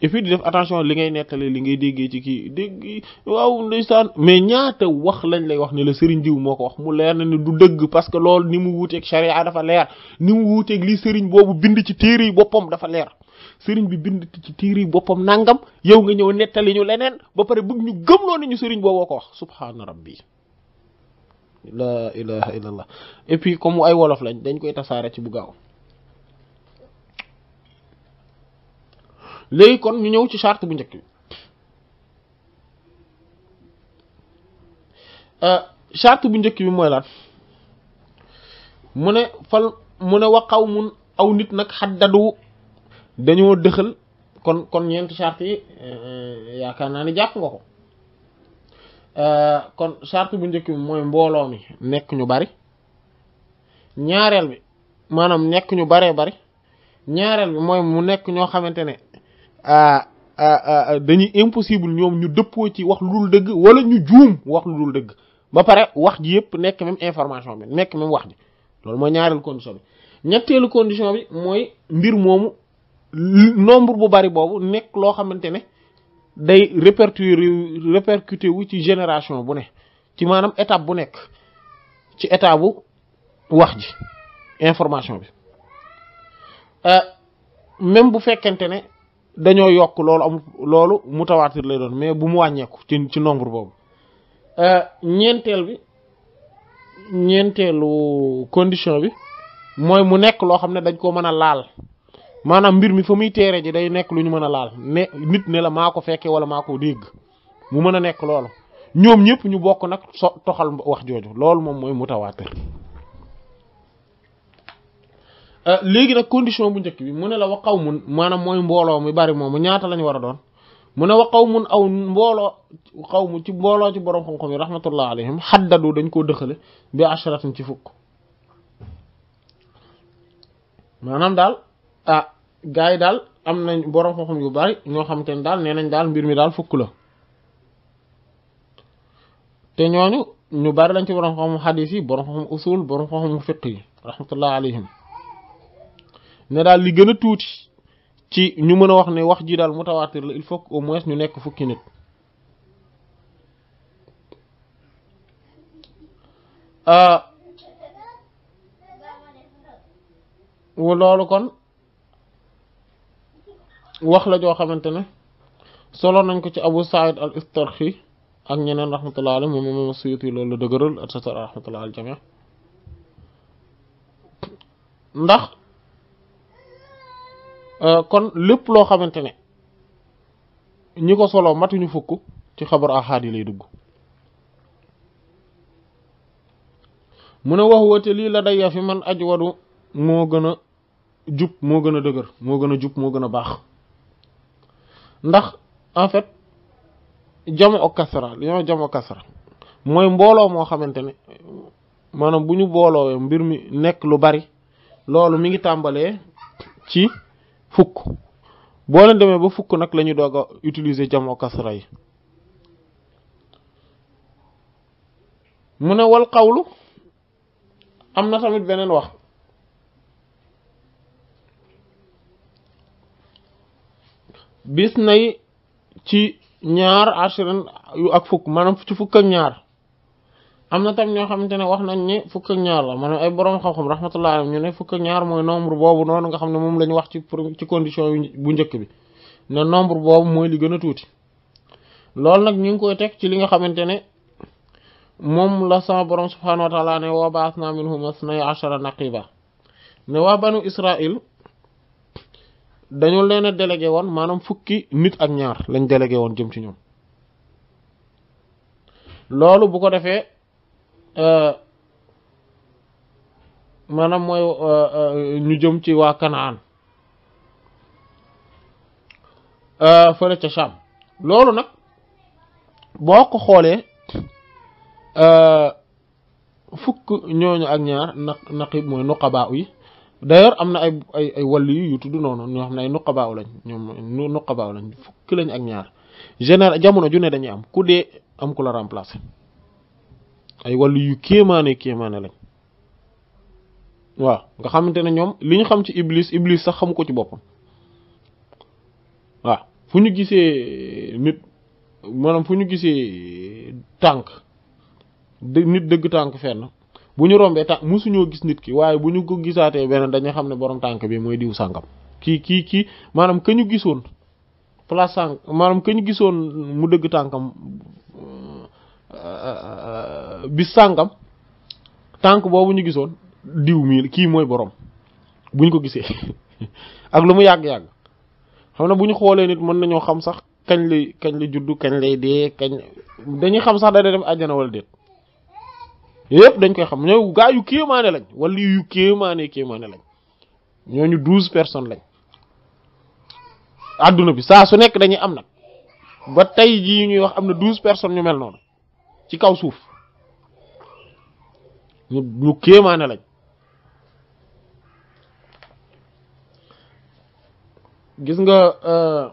et def attention li ngay nettali li ngay déggee ci kii dégg waaw ndeysaan mais ñaata wax lañ lay wax ni la sëriñ diw moo ko wax mu leer na ni du dëgg parce que loolu ni mu wuuteeg charia dafa leer ni mu wuuteeg li sëriñ boobu bind ci téeri boppam dafa leer sëriñ bi bind ci téere yi boppam nangam yow nga ñëw nettali ñu leneen ba pare bëgg ñu gëmloo ne ñu sëriñ booboo ko wax subhaana rabbi la ilaha illallah et puis comme ay wolof lañ dañ koy tasaare ci bu gaaw léegi kon ñu ñëw ci charte bu njëkk bi euh, charte bu njëkk bi mooy lan mu ne fal mu ne xaw mun aw nit nag xat xaddadu dañoo dëxal kon kon ñeenti charte yi euh, yaakaar naa ni jàpp nga ko euh, kon charte bu njëkk bi mooy mbooloo mi nekk ñu bari ñaareel bi maanaam nekk ñu baree bari ñaareel bi mooy mu nekk ñoo xamante ne Euh, euh, euh, dañuy impossible ñoom ñu dëppoo ci wax lu dul dëgg wala ñu juum wax lu dul dëgg ba pare wax ji yëpp nekk même information bi nekk même wax ji loolu mooy ñaareelu condition bi ñetteelu condition bi mooy mbir moomu nombre bu bari boobu nekk loo xamante ne day répercuter répercuter wu ci génération bu ne ci maanaam étape bu nekk ci état bu wax ji information bi même bu fekkente ne dañoo yokk loolu amul loolu mu mutawaatir lay doon mais bu mu wàññeeku ci ci nombre boobu euh, ñeenteel bi ñeenteelu condition bi mooy mu nekk loo xam ne dañ koo mën a laal maanaam mbir mi fa muy teere ji day nekk lu ñu mën a laal ne nit ne la maa ko fekkee wala maa ko dégg mu mën a nekk loolu ñoom ñëpp ñu bokk nag so toxal wax jooju loolu moom mooy mu mutawaatir legui nak condition bu ñëk bi mu ne la wa qawmun manam moy mbolo mi bari mom ñaata lañu wara doon mu ne wa qawmun aw mbooloo qawmu ci mbolo ci borom xam-xam yi rahmatullah alayhim haddadu dañ ko dëxale bi asharatin ci fuk manam dal ah gaay dal am nañ borom xam-xam yu bari ño xam tane dal nenañ dal mbir mi dal fuk la te ñooñu ñu bari lañ ci borom xam-xam xadiis yi boroom xam usul borom xam-xam rahmatullah alayhim ne daal li gën a tuuti ci ñu mën a wax ne wax ji daal mutawaatir la il faut au moins ñu nekk fukki nit euh, loolu kon wax la joo xamante ne solo nañ ko ci Abu Saïd al Istarxi ak ñeneen rahmatullah alayhi moom moom Suyuti loolu la dëgëral et cetera rahmatullah al jami ndax Euh, kon lépp loo xamante ne ñi ko solo matuñu fukk ci xabar ahad yi lay dugg mu ne wax woote lii la daya fi man aj wadu moo gën a jub moo gën a dëgër moo gën a jub moo gën a baax ndax en fait jamo o kasara li ñoo jamo kasara mooy mbooloo moo xamante ne maanaam bu ñu booloowee mbir mi nekk lu bari loolu mi ngi tàmbalee ci fukk boo leen demee ba fukk nag la ñu doog a utiliser jamo kasra yi mu ne wal xawlu am na tamit beneen wax bis nay ci ñaar ashirin yu ak fukk maanaam ci fukk ak ñaar amna tam ñoo xamantene wax nañ ni fukk ñaar la maanaam ay borom xam rahmatullahi alayhi ñu ne fukk ñaar moy nombre bobu non nga xamne mom lañ wax ci ci condition bu ñëk bi na nombre bobu moy li gëna tuuti lool nak ñu ngi koy tek ci li nga xamantene mom la sa borom subhanahu wa taala ne wa ba'athna minhum isnay ashara naqiba ne wa banu Israil dañu leena délégué won manam fukki nit ak ñaar lañ délégué won jëm ci ñoom loolu bu ko defee. Euh, maanaam mooy euh, euh, ñu jëm ci waa Kanaan fële ca Sham loolu nag boo ko xoolee fukk ñooñu ak ñaar naq naqib mooy nuqabaa yi d'ailleurs am na ay ay ay wàll yu tudd noonu ñoo xam ne ay nuqabaa lañ ñoom nuqabaa lañ fukk lañ ak ñaar général jamono ju ne dañuy am ku dee am ku la remplacer. ay wàllu yu kéemaane kéemaane lañ waaw nga xamante ne ñoom li ñu xam ci iblis iblis sax xamu ko ci boppam waaw fu ñu gisee nit maanaam fu ñu gisee tànk nit dëgg tànk fenn bu ñu rombee tànk musuñoo gis nit ki waaye bu ñu ko gisaatee beneen dañu xam ne borom tànk bi mooy diw sàngam ki kii ki maanaam ka ñu gisoon place sànq maanaam ka ñu gisoon mu dëgg tànkam Euh, bi sàngam tànk boobu ñu gisoon diw mii kii mooy borom buñ ko gisee ak lu mu yàgg-yàgg xam na bu ñu xoolee nit mën nañoo xam sax kañ lay kañ lay juddu kañ lay dee kañ dañuy xam sax da def àjjana wala déet yëpp dañ koy xam ñoo gaa yu kéemaane lañ wala yu kéemaane kéemaane lañ ñooñu douze personnes lañ àdduna bi saa su nekk dañuy am nag ba tey jii ñuy wax am na douze personnes ñu mel noonu ci kaw suuf ñu ñu kéemaane lañ gis nga euh,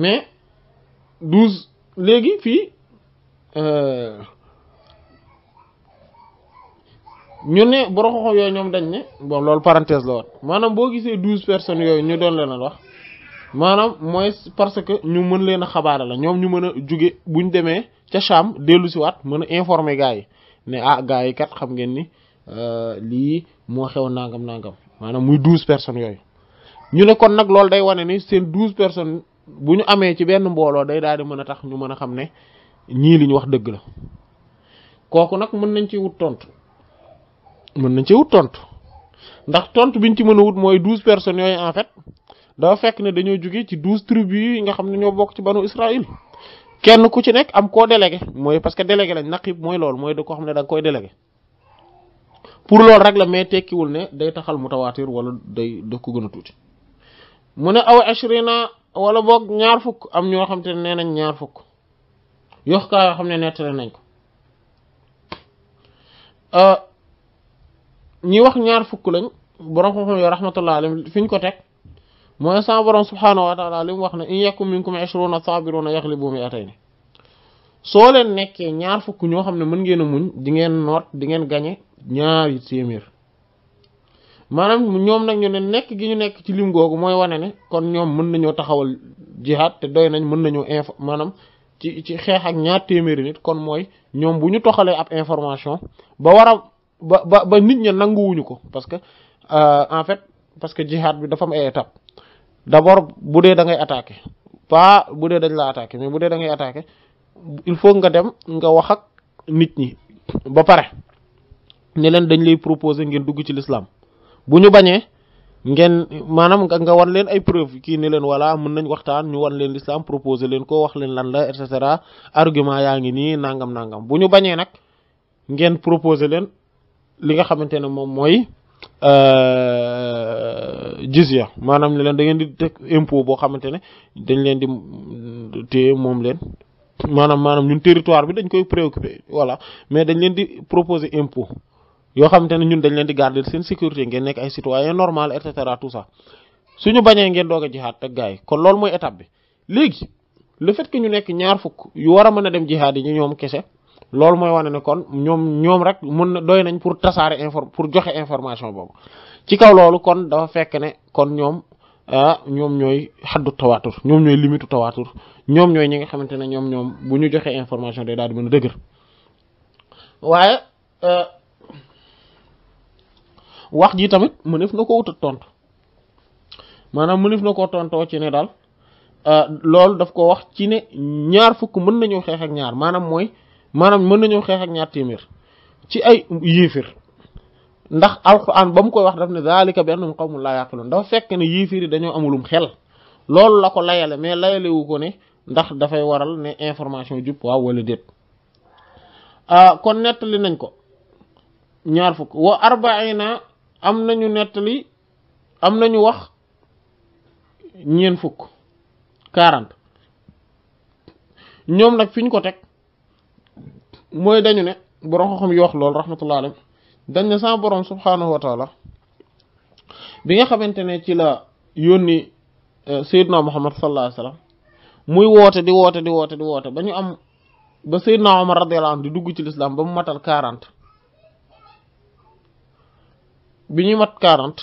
mais douze léegi fii euh, ñu ne boroxoxo yooyu ñoom dañ ne bon loolu parenthèse la woon maanaam boo gisee douze personnes yooyu ñu doon leen wax maanaam mooy parce que ñu mën leen a xabaare la ñoom ñu mën a jóge ñu demee ca Sham dellu si waat mën a informer gars yi ne ah gars yi kat xam ngeen ni euh, lii moo xew nangam nangam maanaam muy douze personnes yooyu ñu ne kon nag loolu day wane ni seen douze personnes bu ñu amee ci benn mbooloo day daal di mën a tax ñu mën a xam ne ñii li ñu wax dëgg la kooku nag mën nañ ci wut tontu mën nañ ci wut tontu ndax tont bi biñ ci mën a wut mooy douze personnes yooyu en fait dafa fekk ne dañoo jógee ci douze tribus yi nga xam ne ñoo bokk ci banu Israël kenn ku ci nekk am koo délégué mooy parce que délégué lañ yi mooy loolu mooy da ko xam ne da koy délégué pour loolu rek la mais tekkiwul ne day taxal mutawaatir walla day da ko gën a tuuti mu ne aw ashrina wala boog ñaar fukk am ñoo xam te ne nee nañ ñaar fukk yox kaa yoo xam ne nettale nañ ko euh, ñi wax ñaar fukk lañ borom xam-xam yoo rahmatullah alayhi fi ñu ko teg mooy sa borom subhaanahu wa taala li mu wax ne in a minkum ishruna sabiruna yaghlibu mi'atayn soo leen nekkee ñaar fukk ñoo xam ne mën ngeen a muñ di ngeen noot di ngeen gañe ñaari téeméer maanaam ñoom nag ñu ne nekk gi ñu nekk ci lim googu mooy wane ne kon ñoom mën nañoo taxawal jihaad te doy nañ mën nañoo info maanaam ci ci xeex ak ñaar téeméeri nit kon mooy ñoom bu ñu toxalee ab information ba war a ba ba nit ña nanguwuñu ko parce que euh, en fait parce que jihaad bi dafa am d'abord boudé da ngay attaquer pa boudé dañ la attaquer mais boudé da ngay attaquer il faut nga dem nga wax ak nit ñi ba paré ne len dañ lay proposer ngeen dugg ci l'islam buñu bañé ngeen manam nga war len ay preuve ki ne len wala mën nañ waxtaan ñu war len l'islam proposer len ko wax len lan la et cetera argument ya ngi ni nangam nangam buñu bañé nak ngeen proposer len li nga xamantene mom moy Euh, jizya maanaam ne leen da ngeen di teg impôt boo xamante ne dañ leen di téye moom leen maanaam maanaam ñun territoire bi dañ koy préoccupé voilà mais dañ leen di proposé impôt yoo xamante ne ñun dañ leen di garder seen sécurité ngeen nekk ay citoyen normal et cetera tout ça suñu bañee ngeen doog a jihaad ak gars yi kon loolu mooy étape bi léegi lu fait que ñu nekk ñaar fukk yu war a mën a dem jihaad yi ñu ñoom kese loolu mooy wane ni kon ñoom ñoom rek mën na doy nañ pour tasaare inform pour joxe information boobu ci kaw loolu kon dafa fekk ne kon ñoom ah ñoom ñooy xaddu tawaatur ñoom ñooy limitu tawaatur ñoom ñooy ñi nga xamante ne ñoom ñoom bu ñu joxee information day daal di mën a dëgër waaye ah, wax ji tamit mëneef na ko wutat tontu maanaam mëneef na koo tontoo ci ne daal ah, loolu daf ko wax ci ne ñaar fukk mën nañoo xeex ak ñaar maanaam mooy maanaam mën nañu xeex ak ñaar téeméer ci ay yéefir ndax alquran ba mu koy wax daf ne zalika bi annahum qawmun laa yaqiluun dafa fekk ne yéefir yi dañoo amulum xel loolu la ko layale mais layale wu ko ne ndax dafay waral ne information jub waaw wala déet ah, kon nettali nañ ko ñaar fukk wa arbaina am nañu nettali am nañu wax ñeen fukk quarante ñoom nag fi ñu ko teg mooy dañu ne borom xam-xam yi loolu rahmatullah alayhi dañ ne sa borom subhaanahu wa taala bi nga xamante ne ci la yónni euh, Seydina Muhammad sallallahu alayhi wa muy woote di woote di woote di woote ba ñu am ba Seydina Omar radiyallahu anhu di dugg ci lislaam ba mu matal quarante bi ñuy mat quarante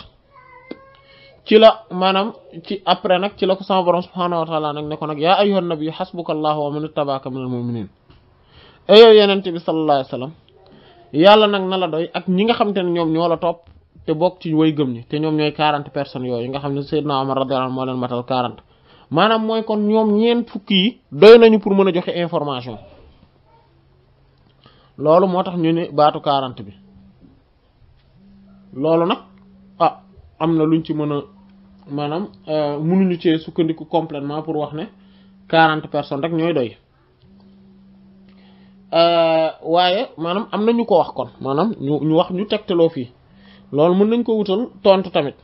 ci la maanaam ci après nag ci la ko sama borom subhaanahu wa taala nag ne ko nag yaa ayyuhan nabiyyu hasbuka allahu wa man ittaba'aka minal mu'minin e yow yenente bi sallallahu alayhi wasallam yalla nak nala doy ak ñi nga xam ñom ñoo la top te bok ci way gëm ñi te ñom ñoy 40 personnes yoy nga xamne sayyidna umar radhiyallahu anhu mo leen matal 40 manam moy kon ñom ñeen fukki doy nañu pour mëna joxe information lolu motax ñu ni baatu 40 bi lolu nak ah amna luñ ci mëna manam euh mënuñu ci sukkandiku complètement pour wax ne 40 personnes rek ñoy doy Euh, waaye maanaam am na ñu ko wax kon maanaam ñu ñu wax ñu tegtaloo fii loolu mën nañ koo wutal tontu tamit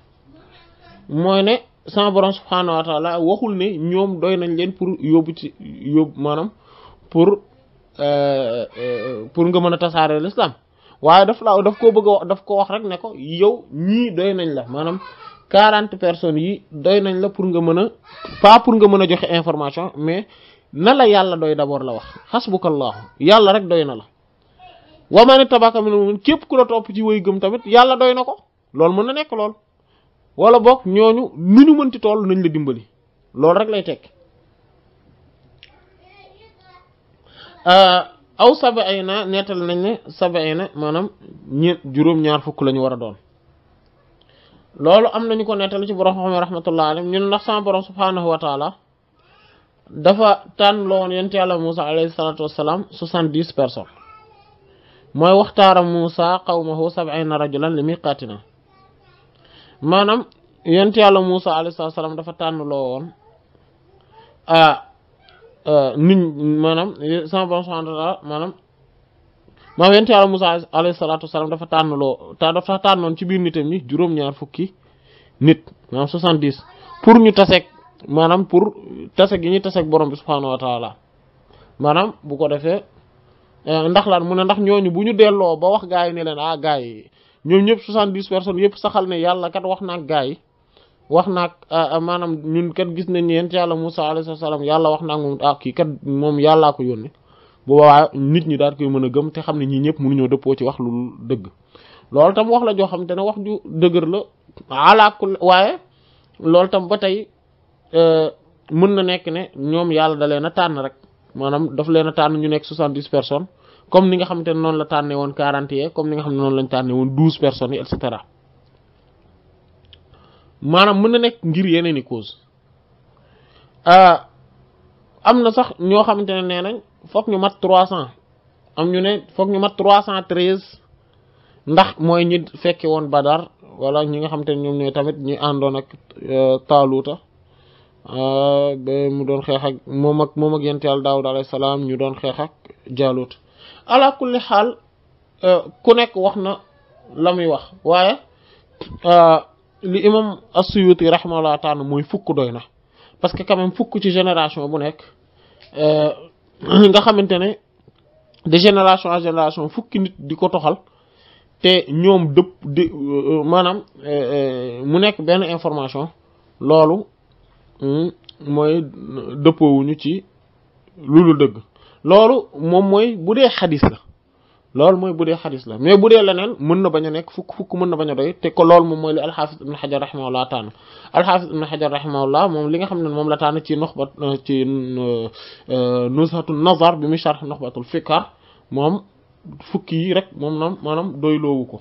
mooy ne sama borom subhaanahu wa taala waxul ne ñoom doy nañ leen pour yóbbu ci yóbbu maanaam pour euh, euh, pour nga mën a tasaare l'islam waaye daf laa daf koo bëgg a daf ko wax rek ne ko yow ñii doy nañ la maanaam quarante personnes yi doy nañ la pour nga mën a pas pour nga mën a joxe information mais na la yàlla doy d'abord la wax xasbukallaahu yàlla rek doy na la wa man ittaba'aka minal mu'miniin képp ku la topp ci way gëm tamit yàlla doy na ko loolu mën na nekk lool wala bokk ñooñu nu ñu mënti tool nañ la dimbali lool rek lay tekk ah, aw ay sabaina nettal nañ ne sabaina maanaam ñeent juróom-ñaar fukk la war a doon loolu am nañu ko nettali ci a xam ne rahmatullah alayhi ñun ndax sama borom subhanahu wa taala dafa tànn loon yonent yàlla Moussa alayhi salaatu wassalaam soixante-dix personnes mooy waxtaara Moussa qawmahu sab'iina rajulan li miiqaatinaa maanaam yonent yàlla Moussa alayhi salaatu wassalaam dafa tànn loon ah nit maanaam sama borom subhaanahu wa ta'aala maanaam maanaam yonent yàlla Moussa alayhi salaatu wassalaam dafa tànn loo dafa tànnoon ci biir nitam ñi juróom-ñaar fukki nit maanaam soixante-dix pour ñu taseeg maanaam pour tase gi ñuy tase ak borom bi subhaanahu wa maanaam bu ko defee eh, ndax laan mu ne ndax ñooñu bu ñu delloo ba wax gaa yi ne leen ah gaa yi ñoom ñëpp soixante-dix personnes yëpp saxal ne yàlla kat wax naag gaa yi wax naag ah, ah, maanaam ñun gis nañ yent yàlla Musaa alayhi salaam yàlla wax naag moom ah, kii kat moom yàllaa ko yónni bu boobaa nit ñi daal koy mën a gëm te xam ne ñii ñëpp mënuñoo dëppoo ci wax lu dëgg loolu tam wax la joo xam te ne wax ju dëgër la alaakul waaye loolu tam ba tey Euh, mën na nekk ne ñoom yàlla da leen a tànn rek maanaam daf leen a tànn ñu nekk soixante-dix personnes comme ni nga xamante ne noonu la tànne woon quarante et comme ni nga xam ne noonu lañ tànne woon douze personnes yi maanaam mën na nekk ngir yeneen i cause euh, am na sax ñoo xamante ne nee nañ foog ñu mat trois cent am ñu ne foog ñu mat cent treize ndax mooy ñi fekke woon Badar wala ñi nga xamante ne ñoom ñooy tamit ñuy àndoon ak euh, Taaluuta Euh, mu doon xeex ak moom ak moom ak yonent yàlla daawud alayhi salaam ñu doon xeex ak jaalut ala kulli xaal euh, ku nekk wax na la muy wax waaye euh, li imam as-Suyuti rahimahullah taala mooy fukk doy na parce que quand fukk ci génération bu nekk nga xamante ne de génération à génération fukki nit di ko toxal te ñoom dëpp di maanaam mu nekk benn information loolu Hmm, mooy dëppowuñu ci lu dul dëgg loolu moom mooy bu dee xadis la loolu mooy bu dee xadis la mais bu dee leneen mën na bañ a nekk fukk fukk mën na bañ a doy te ko loolu moom mooy li alxaafis ibn xajar rahimahullah tànn alxaafis ibn xajar rahimahullah moom li nga xam ne moom la tànn ci noxbat euh, ci euh, nusxatu nazar bi muy sharx noxbatul fikar moom fukki yi rek moom noom maanaam doyloowu ko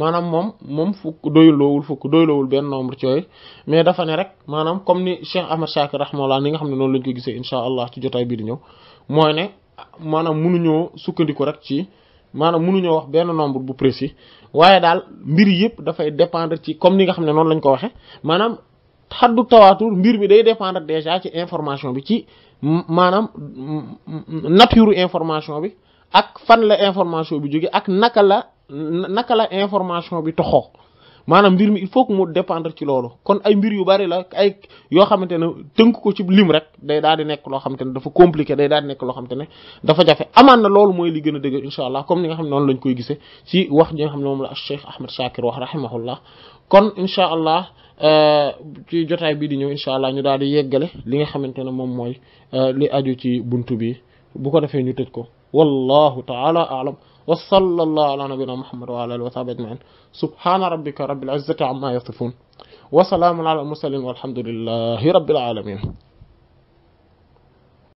maanaam moom moom fukk doyloowul fukk doyloowul benn nombre ci yooyu mais dafa ne rek maanaam comme ni Cheikh Ahmad Shakir rahmalah ni nga xam ne noonu lañ ko gisee incha allah ci jotaay bii di ñëw mooy ne maanaam munuñoo sukkandiku rek ci maanaam munuñoo wax benn nombre bu précis waaye daal mbir yëpp dafay dépendre ci comme ni nga xam ne noonu lañ ko waxee maanaam xaddu tawaatur mbir mi day dépendre déjà ci information bi ci maanaam nature information bi ak fan la information bi jóge ak naka la. naka la information bi toxoo maanaam mbir mi il faut que mu dépendre ci loolu kon ay mbir yu bari la ay yoo xamante ne tënk ko ci lim rek day daal di nekk loo xamante ne dafa compliqué day daal di nekk loo xamante ne dafa jafe amaan na loolu mooy li gën a dëgg incha allah comme ni nga xam ne noonu lañ koy gisee ci wax ji nga xam ne moom la kon incha allah euh, ci jotaay bii di ñëw incha allah ñu daal di yeggale li nga xamante ne moom mooy euh, li aju ci bunt bi bu ko defee ñu tëj ko wallahu taala alam وصلى الله على نبينا محمد وعلى اله وصحبه اجمعين سبحان ربك رب العزه عما يصفون وسلام على المرسلين والحمد لله رب العالمين